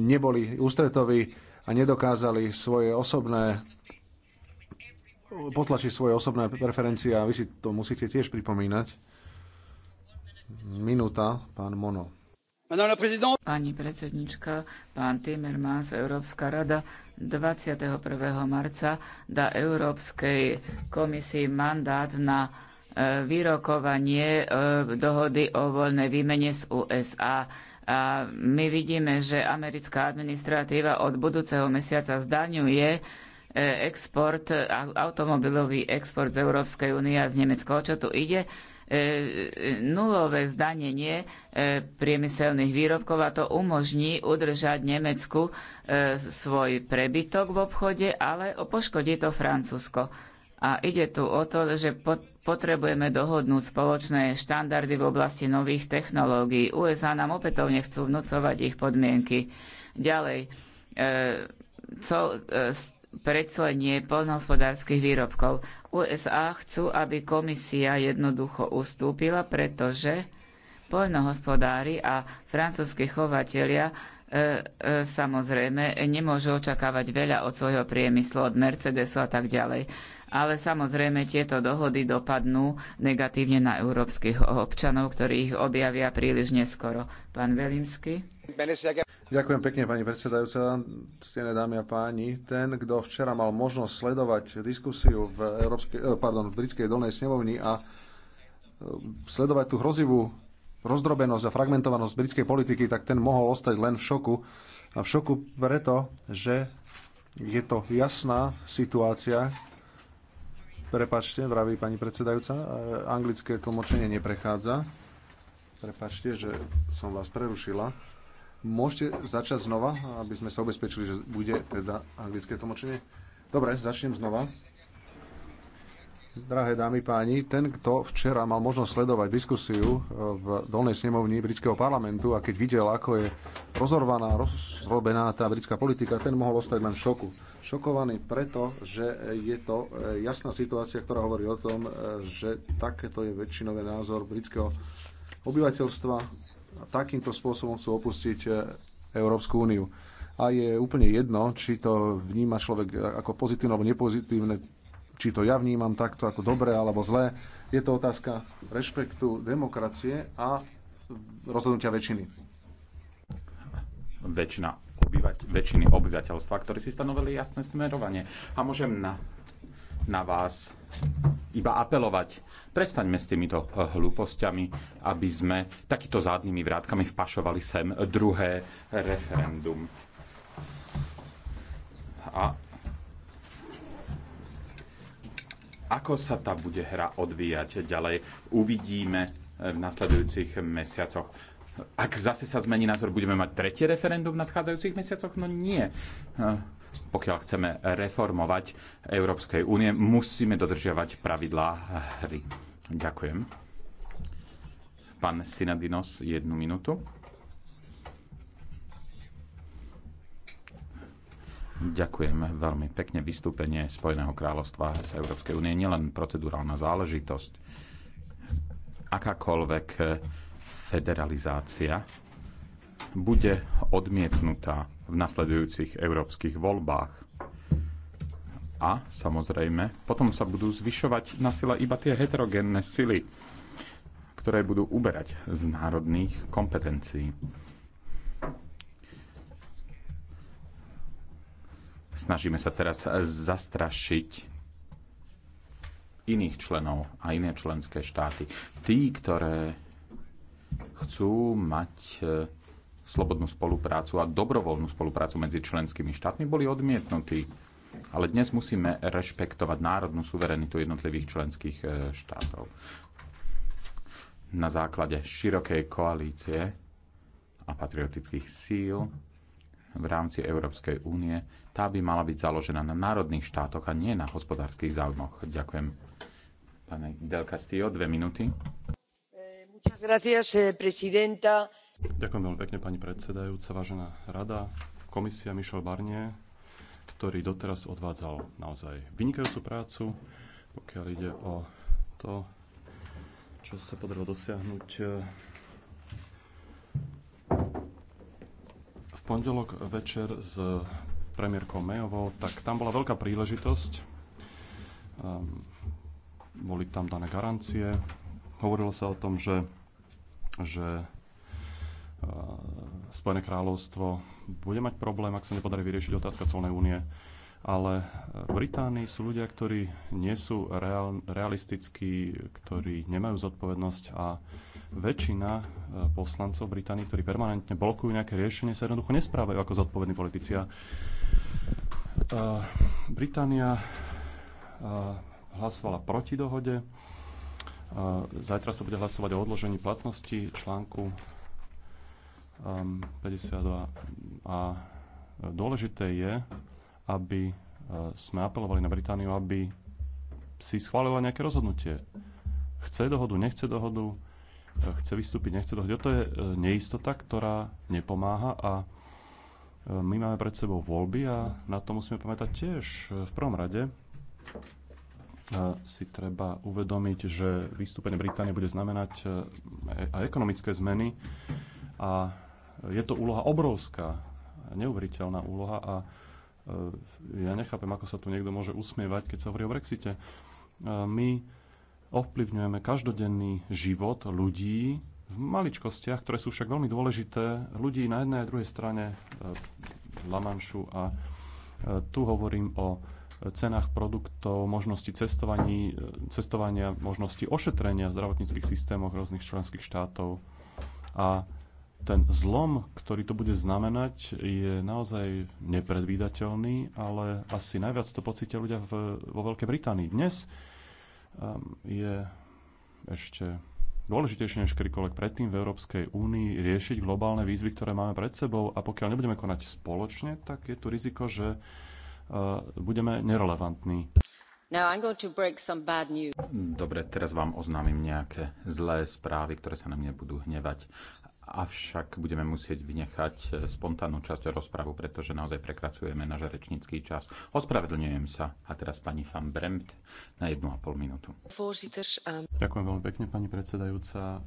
S5: neboli ústretoví a nedokázali svoje osobné potlačiť svoje osobné preferencie a vy si to musíte tiež pripomínať. Minúta, pán Mono.
S3: Pani predsednička, pán Timmermans, Európska rada 21. marca dá Európskej komisii mandát na e, vyrokovanie e, dohody o voľnej výmene z USA. A my vidíme, že americká administratíva od budúceho mesiaca zdaňuje e, export, automobilový export z Európskej únie a z Nemecka. O čo tu ide? E, nulové zdanenie e, priemyselných výrobkov a to umožní udržať Nemecku e, svoj prebytok v obchode, ale poškodí to Francúzsko. A ide tu o to, že potrebujeme dohodnúť spoločné štandardy v oblasti nových technológií. USA nám opätovne chcú vnúcovať ich podmienky. Ďalej, co, predslenie poľnohospodárskych výrobkov. USA chcú, aby komisia jednoducho ustúpila, pretože poľnohospodári a francúzski chovatelia E, e, samozrejme nemôžu očakávať veľa od svojho priemyslu, od Mercedesu a tak ďalej. Ale samozrejme tieto dohody dopadnú negatívne na európskych občanov, ktorí ich objavia príliš neskoro. Pán Velimsky.
S5: Ďakujem pekne, pani predsedajúca. Stené dámy a páni, ten, kto včera mal možnosť sledovať diskusiu v, Európskej, eh, pardon, v britskej dolnej snemovni a eh, sledovať tú hrozivú rozdrobenosť a fragmentovanosť britskej politiky, tak ten mohol ostať len v šoku. A v šoku preto, že je to jasná situácia. Prepačte, vraví pani predsedajúca, e, anglické tlmočenie neprechádza. Prepačte, že som vás prerušila. Môžete začať znova, aby sme sa ubezpečili, že bude teda anglické tlmočenie? Dobre, začnem znova. Drahé dámy páni, ten, kto včera mal možnosť sledovať diskusiu e, v dolnej snemovni britského parlamentu a keď videl, ako je rozorvaná, rozrobená tá britská politika, ten mohol ostať len v šoku. Šokovaný preto, že je to e, jasná situácia, ktorá hovorí o tom, e, že takéto je väčšinový názor britského obyvateľstva a takýmto spôsobom chcú opustiť Európsku úniu. A je úplne jedno, či to vníma človek ako pozitívne alebo nepozitívne či to ja vnímam takto ako dobre alebo zlé. Je to otázka
S6: rešpektu demokracie a rozhodnutia väčšiny. Väčšina obyvať, väčšiny obyvateľstva, ktorí si stanovili jasné smerovanie. A môžem na, na vás iba apelovať. Prestaňme s týmito hlúpostiami, aby sme takýto zádnymi vrátkami vpašovali sem druhé referendum. A ako sa tá bude hra odvíjať ďalej, uvidíme eh, v nasledujúcich mesiacoch. Ak zase sa zmení názor, budeme mať tretie referendum v nadchádzajúcich mesiacoch? No nie. Eh, pokiaľ chceme reformovať Európskej únie, musíme dodržiavať pravidlá hry. Ďakujem. Pán Sinadinos, jednu minútu. Ďakujem veľmi pekne. Vystúpenie Spojeného kráľovstva z Európskej únie nielen procedurálna záležitosť. Akákoľvek federalizácia bude odmietnutá v nasledujúcich európskych voľbách. A samozrejme, potom sa budú zvyšovať na sila iba tie heterogénne sily, ktoré budú uberať z národných kompetencií. Snažíme sa teraz zastrašiť iných členov a iné členské štáty. Tí, ktoré chcú mať e, slobodnú spoluprácu a dobrovoľnú spoluprácu medzi členskými štátmi, boli odmietnutí. Ale dnes musíme rešpektovať národnú suverenitu jednotlivých členských e, štátov. Na základe širokej koalície a patriotických síl v rámci Európskej únie, tá by mala byť založená na národných štátoch a nie na hospodárskych záujmoch. Ďakujem. Pane Del Castillo, dve minúty.
S3: Eh,
S2: Ďakujem veľmi pekne, pani predsedajúca, vážená rada, komisia Michel Barnier, ktorý doteraz odvádzal naozaj vynikajúcu prácu, pokiaľ ide o to, čo sa podarilo dosiahnuť eh, v pondelok večer s premiérkou Mejovou, tak tam bola veľká príležitosť. Ehm, boli tam dané garancie. Hovorilo sa o tom, že, že e, Spojené kráľovstvo bude mať problém, ak sa nepodarí vyriešiť otázka colnej únie. Ale e, v Británii sú ľudia, ktorí nie sú real, realistickí, ktorí nemajú zodpovednosť a väčšina e, poslancov Británii, ktorí permanentne blokujú nejaké riešenie, sa jednoducho nesprávajú ako zodpovední politici. A e, Británia e, hlasovala proti dohode. Zajtra sa bude hlasovať o odložení platnosti článku 52 a dôležité je, aby sme apelovali na Britániu, aby si schválila nejaké rozhodnutie. Chce dohodu, nechce dohodu, chce vystúpiť, nechce dohodiť. To je e, neistota, ktorá nepomáha a e, my máme pred sebou voľby a na to musíme pamätať tiež. E, v prvom rade si treba uvedomiť, že vystúpenie Británie bude znamenať aj ekonomické zmeny a je to úloha obrovská, neuveriteľná úloha a ja nechápem, ako sa tu niekto môže usmievať, keď sa hovorí o Brexite. My ovplyvňujeme každodenný život ľudí v maličkostiach, ktoré sú však veľmi dôležité, ľudí na jednej a druhej strane e, Lamanšu a e, tu hovorím o cenách produktov, možnosti cestovaní, e, cestovania, možnosti ošetrenia v zdravotníckých systémoch rôznych členských štátov. A ten zlom, ktorý to bude znamenať, je naozaj nepredvídateľný, ale asi najviac to pocítia ľudia v, vo Veľkej Británii. Dnes Ehm, je ešte dôležitejšie než kedykoľvek predtým v Európskej únii riešiť globálne výzvy, ktoré máme pred sebou a pokiaľ nebudeme konať spoločne, tak je tu riziko, že eh, budeme nerelevantní. Dobre, teraz vám oznámim nejaké
S6: zlé správy, ktoré sa na mňa budú hnevať. Avšak budeme musieť vynechať e, spontánnu časť rozpravu, pretože naozaj prekracujeme náš rečnícky čas. Ospravedlňujem sa. A teraz pani Fan Bremt na jednu a pol minútu.
S4: Ehm,
S2: Ďakujem veľmi pekne, pani predsedajúca.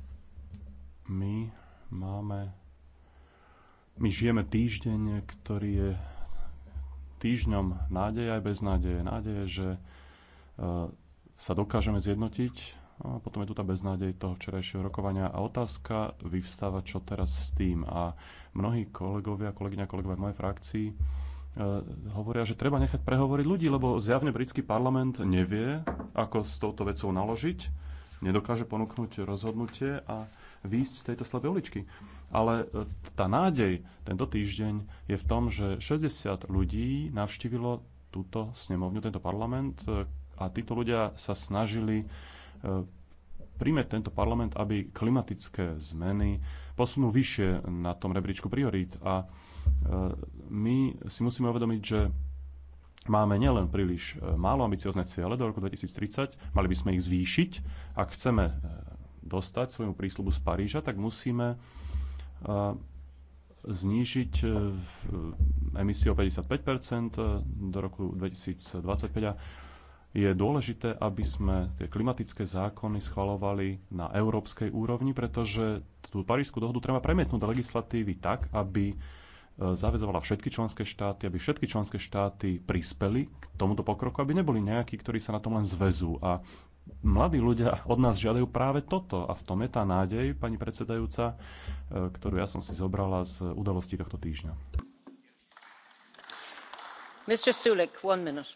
S2: My máme... My žijeme týždeň, ktorý je týždňom nádeje aj bez nádeje. Nádeje, že e, sa dokážeme zjednotiť a potom je tu tá beznádej toho včerajšieho rokovania a otázka vyvstáva, čo teraz s tým. A mnohí kolegovia, kolegyňa, kolegovia v mojej frakcii e, hovoria, že treba nechať prehovoriť ľudí, lebo zjavne britský parlament nevie, ako s touto vecou naložiť, nedokáže ponúknuť rozhodnutie a výjsť z tejto slabej uličky. Ale e, tá nádej tento týždeň je v tom, že 60 ľudí navštívilo túto snemovňu, tento parlament e, a títo ľudia sa snažili príjme tento parlament, aby klimatické zmeny posunú vyššie na tom rebríčku priorít. A e, my si musíme uvedomiť, že máme nielen príliš e, málo ambiciozne ciele do roku 2030, mali by sme ich zvýšiť. Ak chceme e, dostať svojmu prísľubu z Paríža, tak musíme znížiť emisie o 55 do roku 2025 je dôležité, aby sme tie klimatické zákony schvalovali na európskej úrovni, pretože tú Parísku dohodu treba premietnúť do legislatívy tak, aby e, zavezovala všetky členské štáty, aby všetky členské štáty prispeli k tomuto pokroku, aby neboli nejakí, ktorí sa na tom len zvezú. A mladí ľudia od nás žiadajú práve toto. A v tom je tá nádej, pani predsedajúca, e, ktorú ja som si zobrala z udalostí tohto týždňa.
S3: Mr. Sulik, one minute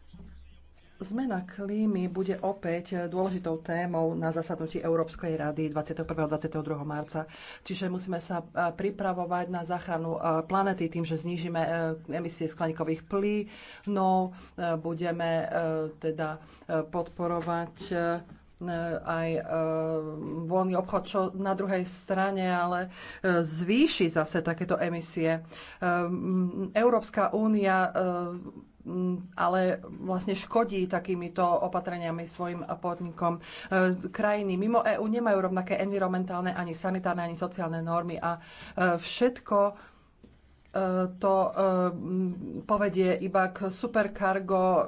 S4: Zmena klímy bude opäť dôležitou témou na zasadnutí Európskej rady 21. a 22. marca. Čiže musíme sa e, pripravovať na záchranu e, planety tým, že znížime e, emisie skleníkových plynov, budeme teda podporovať E, aj e, voľný obchod, čo na druhej strane ale e, zvýši zase takéto emisie. Európska únia ale vlastne škodí takýmito opatreniami svojim podnikom. Krajiny mimo EÚ nemajú rovnaké environmentálne, ani sanitárne, ani sociálne normy a všetko Eh, to eh, povedie iba k superkargo eh,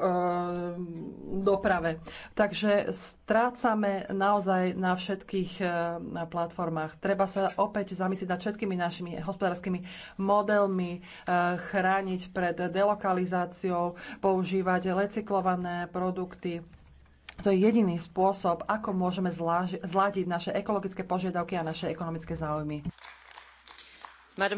S4: doprave. Takže strácame naozaj na všetkých platformách. Treba sa opäť zamyslieť nad všetkými našimi hospodárskymi modelmi, chrániť pred delokalizáciou, používať recyklované produkty, to je jediný spôsob, ako môžeme zladiť naše ekologické požiadavky a naše ekonomické záujmy.
S7: Uh,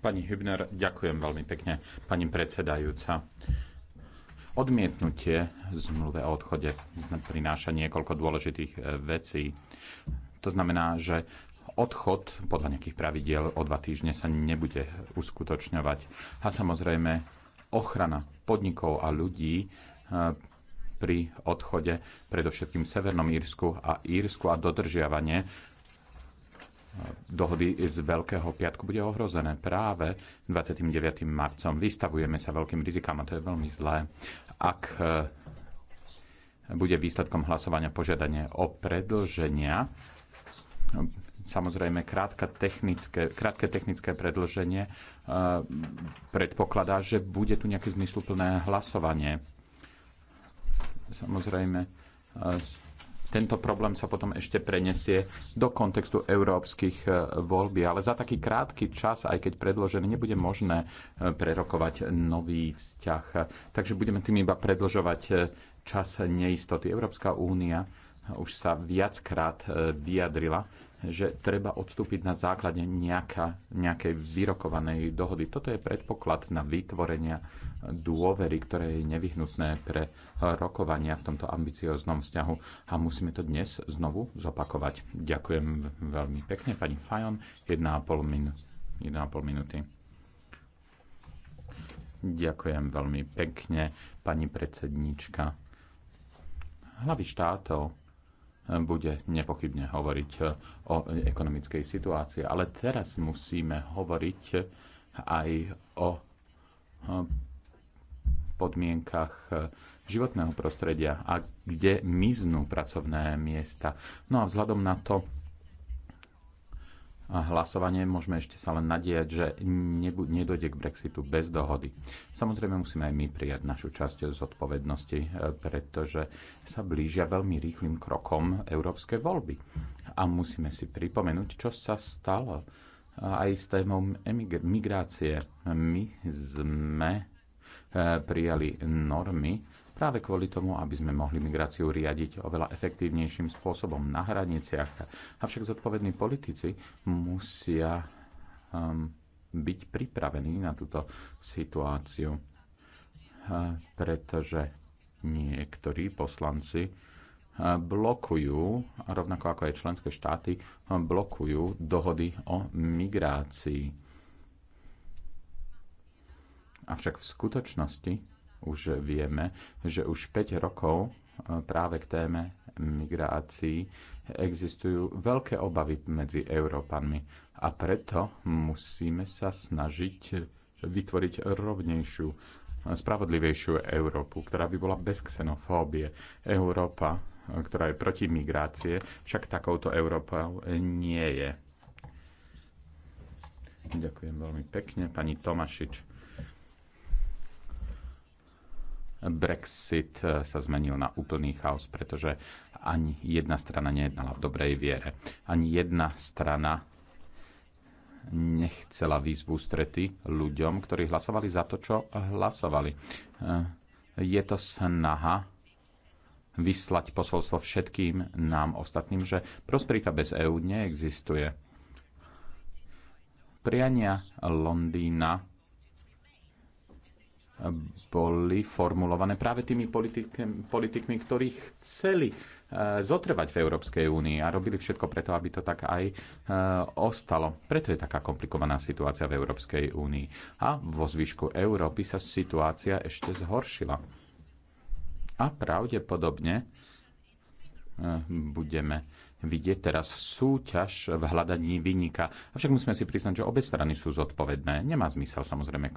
S6: pani Hübner, ďakujem veľmi pekne. Pani predsedajúca, odmietnutie zmluve o odchode prináša niekoľko dôležitých e, vecí. To znamená, že odchod podľa nejakých pravidiel o dva týždne sa nebude uskutočňovať. A samozrejme ochrana podnikov a ľudí e, pri odchode, predovšetkým v Severnom Írsku a Írsku a dodržiavanie dohody z Veľkého piatku bude ohrozené práve 29. marcom. Vystavujeme sa veľkým rizikám a to je veľmi zlé. Ak e, bude výsledkom hlasovania požiadanie o predlženia, samozrejme technické, krátke technické predlženie e, predpokladá, že bude tu nejaké zmysluplné hlasovanie. Samozrejme, e, tento problém sa potom ešte prenesie do kontextu európskych e, voľby. Ale za taký krátky čas, aj keď predložený, nebude možné e, prerokovať nový vzťah. Takže budeme tým iba predlžovať e, čas neistoty. Európska únia už sa viackrát vyjadrila, že treba odstúpiť na základe nejaká, nejakej vyrokovanej dohody. Toto je predpoklad na vytvorenia dôvery, ktoré je nevyhnutné pre rokovania v tomto ambicioznom vzťahu a musíme to dnes znovu zopakovať. Ďakujem veľmi pekne, pani Fajon. 1,5 min, 1,5 minúty. Ďakujem veľmi pekne, pani predsednička Hlavy štátov bude nepochybne hovoriť e, o ekonomickej situácii. Ale teraz musíme hovoriť aj o e, podmienkach e, životného prostredia a kde miznú pracovné miesta. No a vzhľadom na to, hlasovanie. Môžeme ešte sa len nadiať, že nedojde k Brexitu bez dohody. Samozrejme musíme aj my prijať našu časť zodpovednosti, e, pretože sa blížia veľmi rýchlým krokom európske voľby. A musíme si pripomenúť, čo sa stalo e, aj s témou migrácie. My sme e, prijali normy, práve kvôli tomu, aby sme mohli migráciu riadiť oveľa efektívnejším spôsobom na hraniciach. Avšak zodpovední politici musia um, byť pripravení na túto situáciu, eh, pretože niektorí poslanci eh, blokujú, rovnako ako aj členské štáty, ehm, blokujú dohody o migrácii. Avšak v skutočnosti už vieme, že už 5 rokov e, práve k téme migrácií existujú veľké obavy medzi Európanmi a preto musíme sa snažiť vytvoriť rovnejšiu, spravodlivejšiu Európu, ktorá by bola bez xenofóbie. Európa, ktorá je proti migrácie, však takouto Európou nie je. Ďakujem veľmi pekne, pani Tomašič. Brexit eh, sa zmenil na úplný chaos, pretože ani jedna strana nejednala v dobrej viere. Ani jedna strana nechcela výzvu strety ľuďom, ktorí hlasovali za to, čo hlasovali. Eh, je to snaha vyslať posolstvo všetkým nám ostatným, že prosperita bez EÚ neexistuje. Priania Londýna boli formulované práve tými politikmi, ktorí chceli eh, zotrvať v Európskej únii a robili všetko preto, aby to tak aj eh, ostalo. Preto je taká komplikovaná situácia v Európskej únii. A vo zvyšku Európy sa situácia ešte zhoršila. A pravdepodobne eh, budeme vidieť teraz súťaž v hľadaní vynika. Avšak musíme si priznať, že obe strany sú zodpovedné. Nemá zmysel samozrejme eh,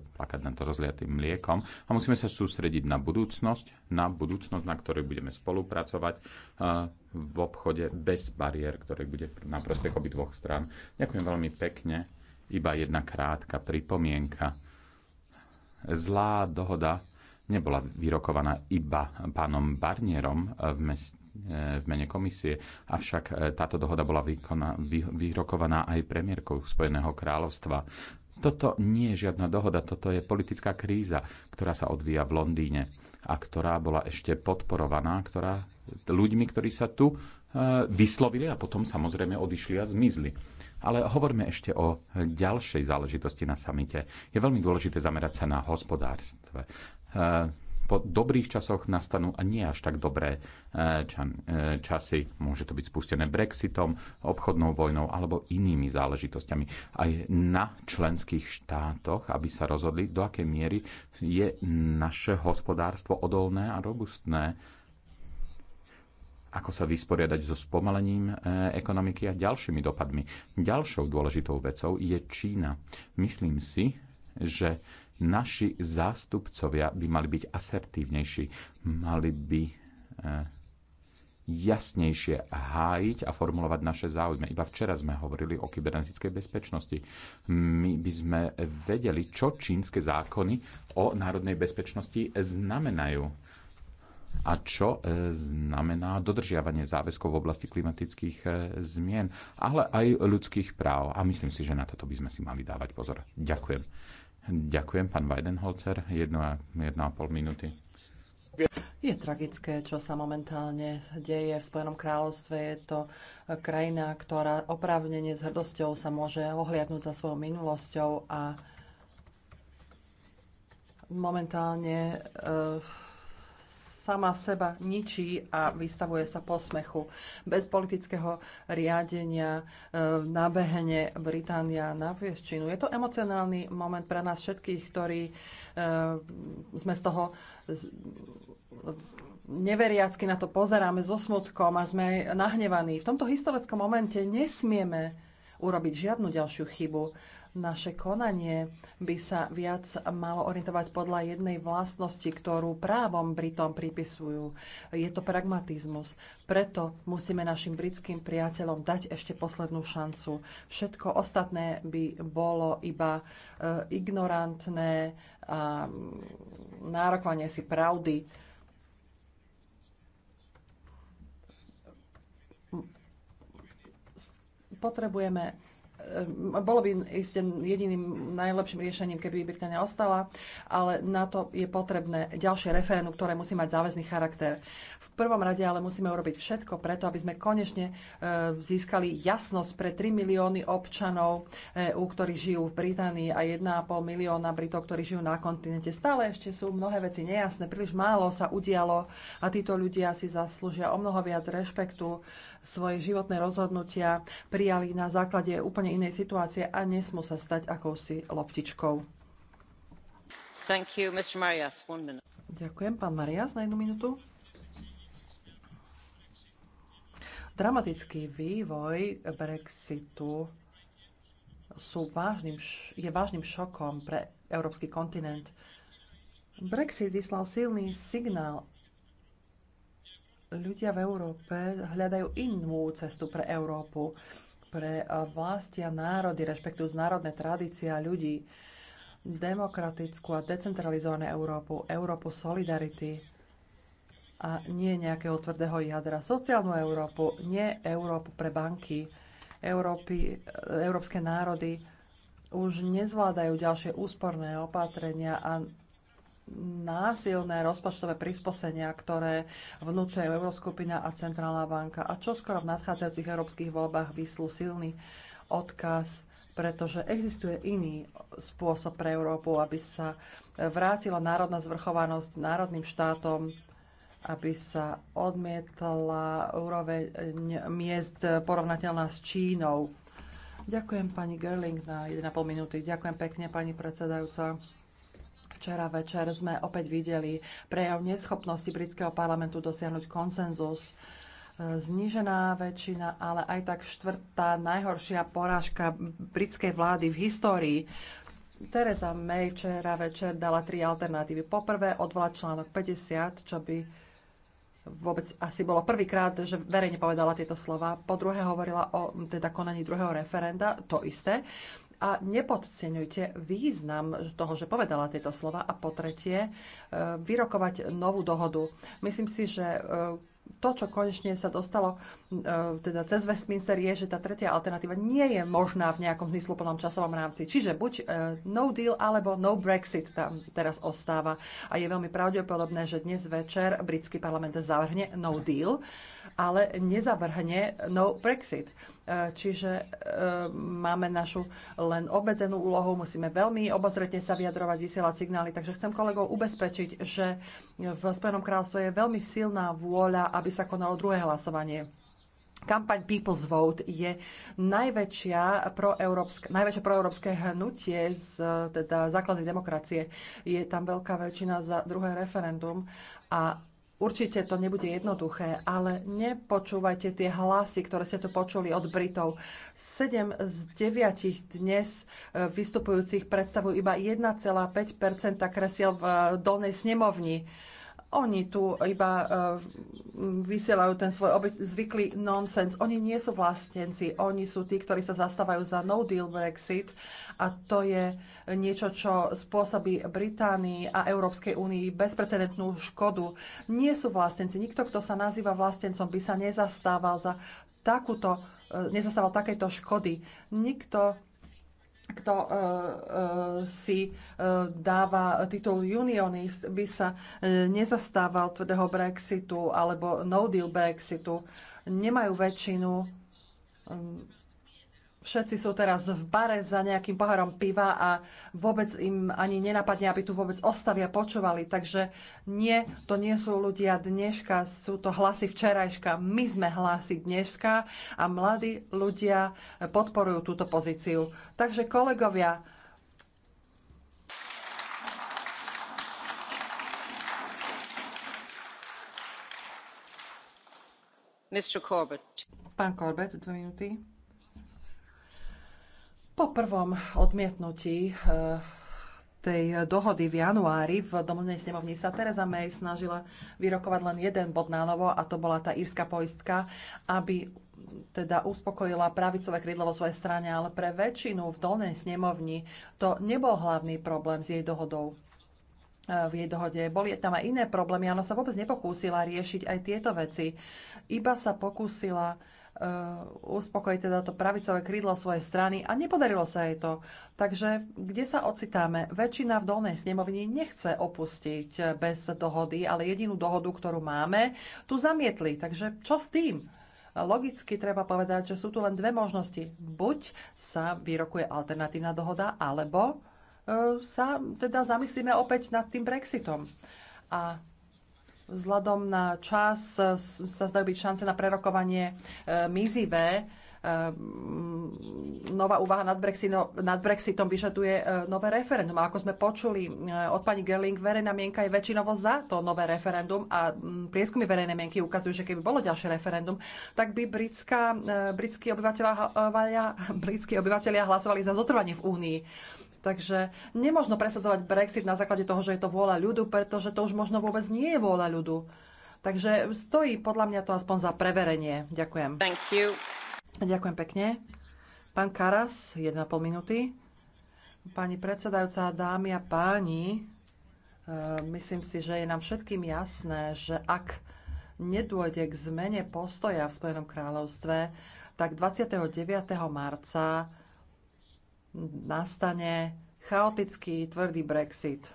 S6: plakať na to rozliatým mliekom a musíme sa sústrediť na budúcnosť, na budúcnosť, na ktorej budeme spolupracovať eh, v obchode bez bariér, ktoré bude na prospech obi dvoch strán. Ďakujem veľmi pekne. Iba jedna krátka pripomienka. Zlá dohoda nebola vyrokovaná iba pánom Barnierom eh, v meste E, v mene komisie. Avšak e, táto dohoda bola vykona, vy, vyrokovaná aj premiérkou Spojeného kráľovstva. Toto nie je žiadna dohoda, toto je politická kríza, ktorá sa odvíja v Londýne a ktorá bola ešte podporovaná ktorá, ľuďmi, ktorí sa tu e, vyslovili a potom samozrejme odišli a zmizli. Ale hovoríme ešte o ďalšej záležitosti na samite. Je veľmi dôležité zamerať sa na hospodárstve. E, po dobrých časoch nastanú a nie až tak dobré e, e, časy. Môže to byť spustené Brexitom, obchodnou vojnou alebo inými záležitosťami. Aj na členských štátoch, aby sa rozhodli, do akej miery je naše hospodárstvo odolné a robustné ako sa vysporiadať so spomalením e, ekonomiky a ďalšími dopadmi. Ďalšou dôležitou vecou je Čína. Myslím si, že naši zástupcovia by mali byť asertívnejší, mali by eh, jasnejšie hájiť a formulovať naše záujmy. Iba včera sme hovorili o kybernetickej bezpečnosti. My by sme vedeli, čo čínske zákony o národnej bezpečnosti znamenajú a čo eh, znamená dodržiavanie záväzkov v oblasti klimatických eh, zmien, ale aj ľudských práv. A myslím si, že na toto by sme si mali dávať pozor. Ďakujem. Ďakujem, pán Weidenholzer. 1,5 minúty.
S4: Je tragické, čo sa momentálne deje v Spojenom kráľovstve. Je to krajina, ktorá oprávnene s hrdosťou sa môže ohliadnúť za svojou minulosťou a momentálne uh, sama seba ničí a vystavuje sa posmechu. Bez politického riadenia e, nabehne Británia na Viesčinu. Je to emocionálny moment pre nás všetkých, ktorí e, sme z toho neveriacky na to pozeráme so smutkom a sme nahnevaní. V tomto historickom momente nesmieme urobiť žiadnu ďalšiu chybu naše konanie by sa viac malo orientovať podľa jednej vlastnosti, ktorú právom Britom pripisujú. Je to pragmatizmus. Preto musíme našim britským priateľom dať ešte poslednú šancu. Všetko ostatné by bolo iba e, ignorantné a mm, nárokovanie si pravdy. Potrebujeme Ehm, bolo by isté jediným najlepším riešením, keby Británia ostala, ale na to je potrebné ďalšie referénu, ktoré musí mať záväzný charakter. V prvom rade ale musíme urobiť všetko preto, aby sme konečne ehm, získali jasnosť pre 3 milióny občanov EU, ktorí žijú v Británii a 1,5 milióna Britov, ktorí žijú na kontinente. Stále ešte sú mnohé veci nejasné, príliš málo sa udialo a títo ľudia si zaslúžia o mnoho viac rešpektu svoje životné rozhodnutia prijali na základe úplne inej situácie a nesmú sa stať akousi loptičkou.
S3: Thank you, Mr. Marias. One minute.
S4: Ďakujem. Pán Marias na jednu minútu. Dramatický vývoj Brexitu sú vážnym, je vážnym šokom pre európsky kontinent. Brexit vyslal silný signál ľudia v Európe hľadajú inú cestu pre Európu, pre eh, vlasti a národy, rešpektujúc národné tradície a ľudí, demokratickú a decentralizovanú Európu, Európu solidarity a nie nejakého tvrdého jadra, sociálnu Európu, nie Európu pre banky, Európy, eh, európske národy už nezvládajú ďalšie úsporné opatrenia a násilné rozpočtové prispôsobenia, ktoré vnúčajú Euroskupina a Centrálna banka a čo skoro v nadchádzajúcich európskych voľbách vyslú silný odkaz, pretože existuje iný spôsob pre Európu, aby sa vrátila národná zvrchovanosť národným štátom, aby sa odmietla úroveň miest porovnateľná s Čínou. Ďakujem pani Gerling na 1,5 minúty. Ďakujem pekne pani predsedajúca. Včera večer sme opäť videli prejav neschopnosti britského parlamentu dosiahnuť konsenzus. E, znížená väčšina, ale aj tak štvrtá najhoršia porážka britskej vlády v histórii. Teresa May včera večer dala tri alternatívy. Poprvé odvolať článok 50, čo by vôbec asi bolo prvýkrát, že verejne povedala tieto slova. Po druhé hovorila o teda konaní druhého referenda, to isté a nepodceňujte význam toho, že povedala tieto slova. A po tretie, e, vyrokovať novú dohodu. Myslím si, že e, to, čo konečne sa dostalo e, teda cez Westminster, je, že tá tretia alternatíva nie je možná v nejakom zmysluplnom časovom rámci. Čiže buď no deal alebo no Brexit tam teraz ostáva. A je veľmi pravdepodobné, že dnes večer britský parlament zavrhne no deal ale nezavrhne no Brexit. E, čiže e, máme našu len obmedzenú úlohu, musíme veľmi obozretne sa vyjadrovať, vysielať signály. Takže chcem kolegov ubezpečiť, že v Spojenom kráľovstve je veľmi silná vôľa, aby sa konalo druhé hlasovanie. Kampaň People's Vote je najväčšia proeurópske, najväčšie proeurópske hnutie z teda základnej demokracie. Je tam veľká väčšina za druhé referendum a Určite to nebude jednoduché, ale nepočúvajte tie hlasy, ktoré ste tu počuli od Britov. 7 z 9 dnes e, vystupujúcich predstavujú iba 1,5 kresiel v e, dolnej snemovni. Oni tu iba e, vysielajú ten svoj zvyklý nonsens. Oni nie sú vlastenci, oni sú tí, ktorí sa zastávajú za no deal Brexit a to je niečo, čo spôsobí Británii a Európskej únii bezprecedentnú škodu. Nie sú vlastenci. Nikto, kto sa nazýva vlastencom, by sa nezastával za takúto e, nezastával takéto škody. Nikto kto uh, uh, si uh, dáva titul unionist, by sa uh, nezastával tvrdého Brexitu alebo no deal Brexitu. Nemajú väčšinu. Um, Všetci sú teraz v bare za nejakým pohárom piva a vôbec im ani nenapadne, aby tu vôbec ostali a počúvali. Takže nie, to nie sú ľudia dneška, sú to hlasy včerajška. My sme hlasy dneška a mladí ľudia podporujú túto pozíciu. Takže kolegovia, Pán Corbett, dve minúty. Po prvom odmietnutí e, tej dohody v januári v domovnej snemovni sa Teresa May snažila vyrokovať len jeden bod na novo a to bola tá írska poistka, aby teda uspokojila pravicové krídlo vo svojej strane, ale pre väčšinu v dolnej snemovni to nebol hlavný problém s jej dohodou e, v jej dohode. Boli tam aj iné problémy, ona sa vôbec nepokúsila riešiť aj tieto veci. Iba sa pokúsila Eh, uspokojiť teda to pravicové krídlo svojej strany a nepodarilo sa jej to. Takže kde sa ocitáme? Väčšina v dolnej snemovni nechce opustiť bez dohody, ale jedinú dohodu, ktorú máme, tu zamietli. Takže čo s tým? Logicky treba povedať, že sú tu len dve možnosti. Buď sa vyrokuje alternatívna dohoda, alebo eh, sa teda zamyslíme opäť nad tým Brexitom. A Vzhľadom na čas e, sa zdajú byť šance na prerokovanie e, mizivé. E, nová úvaha nad, Brexitom, nad Brexitom vyžaduje nové referendum. A ako sme počuli od pani Gerling, verejná mienka je väčšinovo za to nové referendum a prieskumy verejnej mienky ukazujú, že keby bolo ďalšie referendum, tak by britská, britskí, obyvateľia, britskí obyvateľia hlasovali za zotrvanie v Únii. Takže nemôžno presadzovať Brexit na základe toho, že je to vôľa ľudu, pretože to už možno vôbec nie je vôľa ľudu. Takže stojí podľa mňa to aspoň za preverenie. Ďakujem. Thank you. Ďakujem pekne. Pán Karas, 1,5 minúty. Pani predsedajúca, dámy a páni, e, myslím si, že je nám všetkým jasné, že ak nedôjde k zmene postoja v Spojenom kráľovstve, tak 29. marca nastane chaotický, tvrdý Brexit.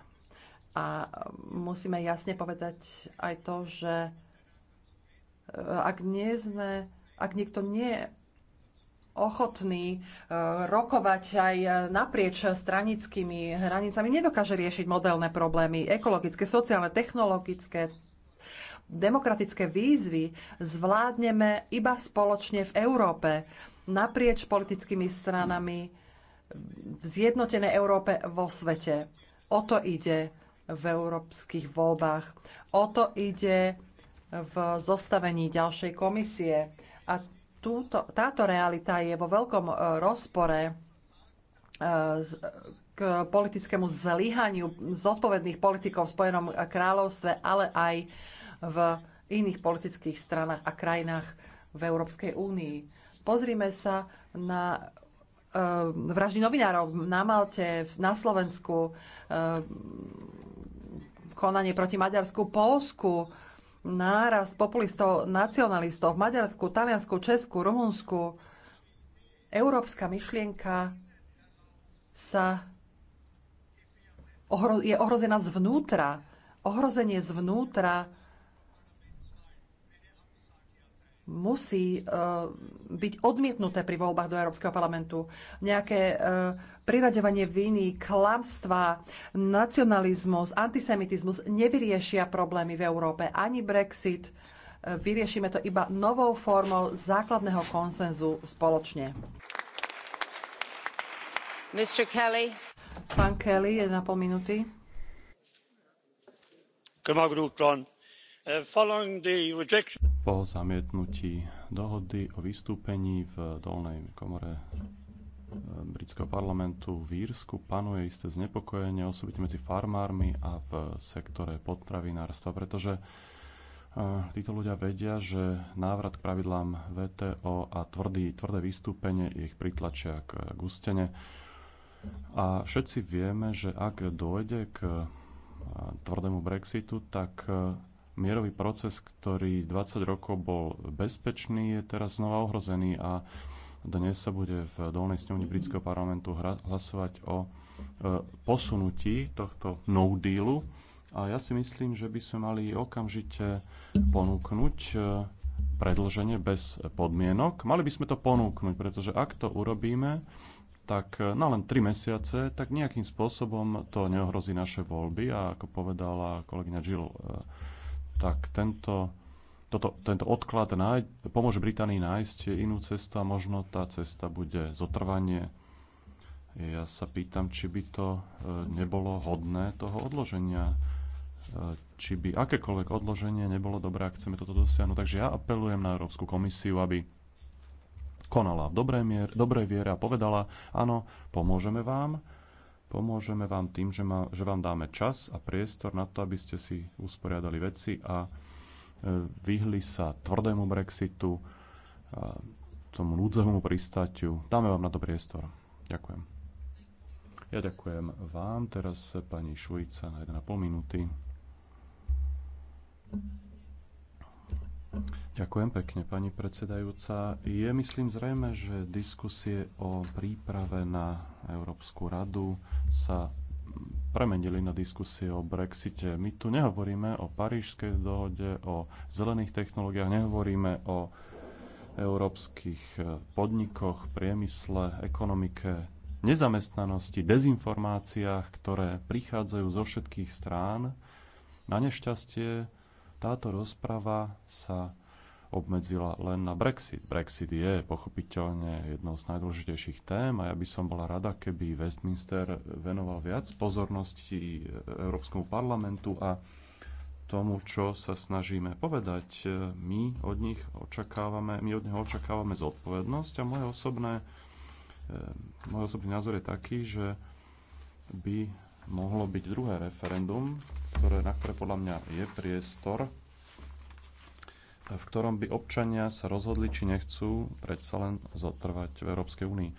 S4: A musíme jasne povedať aj to, že e, ak nie sme, ak niekto nie je ochotný e, rokovať aj naprieč stranickými hranicami, nedokáže riešiť modelné problémy, ekologické, sociálne, technologické, demokratické výzvy zvládneme iba spoločne v Európe, naprieč politickými stranami, v zjednotenej Európe vo svete. O to ide v európskych voľbách. O to ide v zostavení ďalšej komisie. A túto, táto realita je vo veľkom e, rozpore e, k politickému zlyhaniu zodpovedných politikov v Spojenom kráľovstve, ale aj v iných politických stranách a krajinách v Európskej únii. Pozrime sa na Eh, vraždy novinárov na Malte, na Slovensku, eh, konanie proti Maďarsku, Polsku, náraz populistov, nacionalistov v Maďarsku, Taliansku, Česku, Rumunsku. Európska myšlienka sa je ohrozená zvnútra. Ohrozenie zvnútra musí e, byť odmietnuté pri voľbách do Európskeho parlamentu. Nejaké e, priraďovanie viny, klamstva, nacionalizmus, antisemitizmus nevyriešia problémy v Európe. Ani Brexit. E, vyriešime to iba novou formou základného konsenzu spoločne.
S3: Mr. Kelly.
S4: Pán Kelly, jedna pol minúty. Grúton, Uh,
S2: po zamietnutí dohody o vystúpení v dolnej komore uh, britského parlamentu v Írsku panuje isté znepokojenie, osobitne medzi farmármi a v sektore potravinárstva, pretože uh, títo ľudia vedia, že návrat k pravidlám VTO a tvrdý, tvrdé vystúpenie ich pritlačia k gustene. A všetci vieme, že ak dojde k tvrdému Brexitu, tak mierový proces, ktorý 20 rokov bol bezpečný, je teraz znova ohrozený a dnes sa bude v dolnej snemni britského parlamentu hlasovať o e, posunutí tohto no dealu. A ja si myslím, že by sme mali okamžite ponúknuť e, predlženie bez podmienok. Mali by sme to ponúknuť, pretože ak to urobíme, tak e, na len 3 mesiace, tak nejakým spôsobom to neohrozí naše voľby. A ako povedala kolegyňa Jill tak tento, toto, tento odklad náj, pomôže Británii nájsť inú cestu a možno tá cesta bude zotrvanie. Ja sa pýtam, či by to e, nebolo hodné toho odloženia e, či by akékoľvek odloženie nebolo dobré, ak chceme toto dosiahnuť. Takže ja apelujem na Európsku komisiu, aby konala v dobrej, mier, dobrej viere a povedala, áno, pomôžeme vám, Pomôžeme vám tým, že, ma, že vám dáme čas a priestor na to, aby ste si usporiadali veci a e, vyhli sa tvrdému Brexitu, tomu núdzovému pristáťu. Dáme vám na to priestor. Ďakujem. Ja ďakujem vám. Teraz e, pani Šujca na 1,5 minúty. Ďakujem pekne, pani predsedajúca. Je, myslím, zrejme, že diskusie o príprave na Európsku radu sa premenili na diskusie o Brexite. My tu nehovoríme o parížskej dohode, o zelených technológiách, nehovoríme o európskych e, podnikoch, priemysle, ekonomike, nezamestnanosti, dezinformáciách, ktoré prichádzajú zo všetkých strán. Na nešťastie táto rozprava sa obmedzila len na Brexit. Brexit je pochopiteľne jednou z najdôležitejších tém a ja by som bola rada, keby Westminster venoval viac pozornosti Európskemu parlamentu a tomu, čo sa snažíme povedať. My od, nich očakávame, my od neho očakávame zodpovednosť a moje osobné, eh, môj osobný názor je taký, že by mohlo byť druhé referendum, ktoré, na ktoré podľa mňa je priestor, v ktorom by občania sa rozhodli, či nechcú predsa len zotrvať v Európskej únii.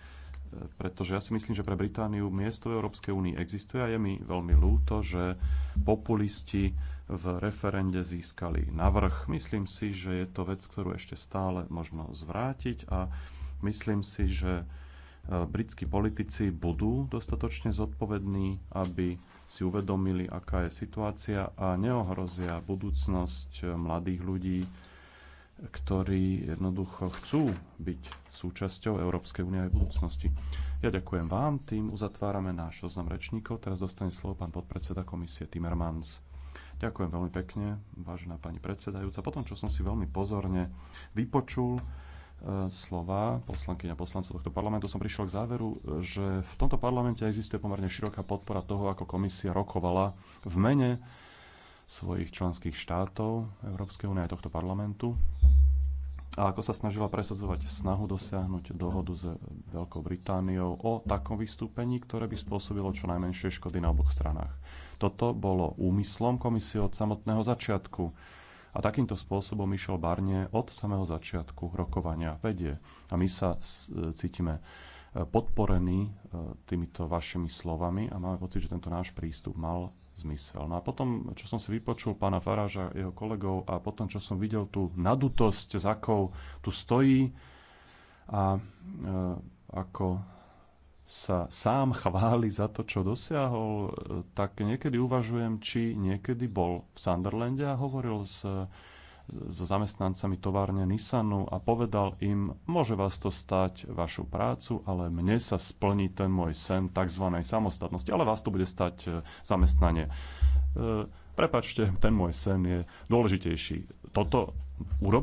S2: Pretože ja si myslím, že pre Britániu miesto v Európskej únii existuje a je mi veľmi ľúto, že populisti v referende získali navrh. Myslím si, že je to vec, ktorú ešte stále možno zvrátiť a myslím si, že E, britskí politici budú dostatočne zodpovední, aby si uvedomili, aká je situácia a neohrozia budúcnosť e, mladých ľudí, ktorí jednoducho chcú byť súčasťou Európskej únie aj v budúcnosti. Ja ďakujem vám, tým uzatvárame náš zoznam rečníkov. Teraz dostane slovo pán podpredseda komisie Timmermans. Ďakujem veľmi pekne, vážená pani predsedajúca. Potom, čo som si veľmi pozorne vypočul, E, slova poslankyň a poslancov tohto parlamentu som prišiel k záveru, že v tomto parlamente existuje pomerne široká podpora toho, ako komisia rokovala v mene svojich členských štátov Európskej únie aj tohto parlamentu a ako sa snažila presadzovať snahu dosiahnuť dohodu s Veľkou Britániou o takom vystúpení, ktoré by spôsobilo čo najmenšie škody na oboch stranách. Toto bolo úmyslom komisie od samotného začiatku a takýmto spôsobom išiel Barnie od samého začiatku rokovania vedie. A my sa cítime e, podporení e, týmito vašimi slovami a máme pocit, že tento náš prístup mal zmysel. No a potom, čo som si vypočul pána Faráža, jeho kolegov a potom, čo som videl tú nadutosť, za tu stojí a e, ako sa sám chváli za to, čo dosiahol, e, tak niekedy uvažujem, či niekedy bol v Sunderlande a hovoril s, e, so zamestnancami továrne Nissanu a povedal im, môže vás to stať vašu prácu, ale mne sa splní ten môj sen tzv. samostatnosti, ale vás to bude stať e, zamestnanie. E, prepačte, ten môj sen je dôležitejší. Toto urobil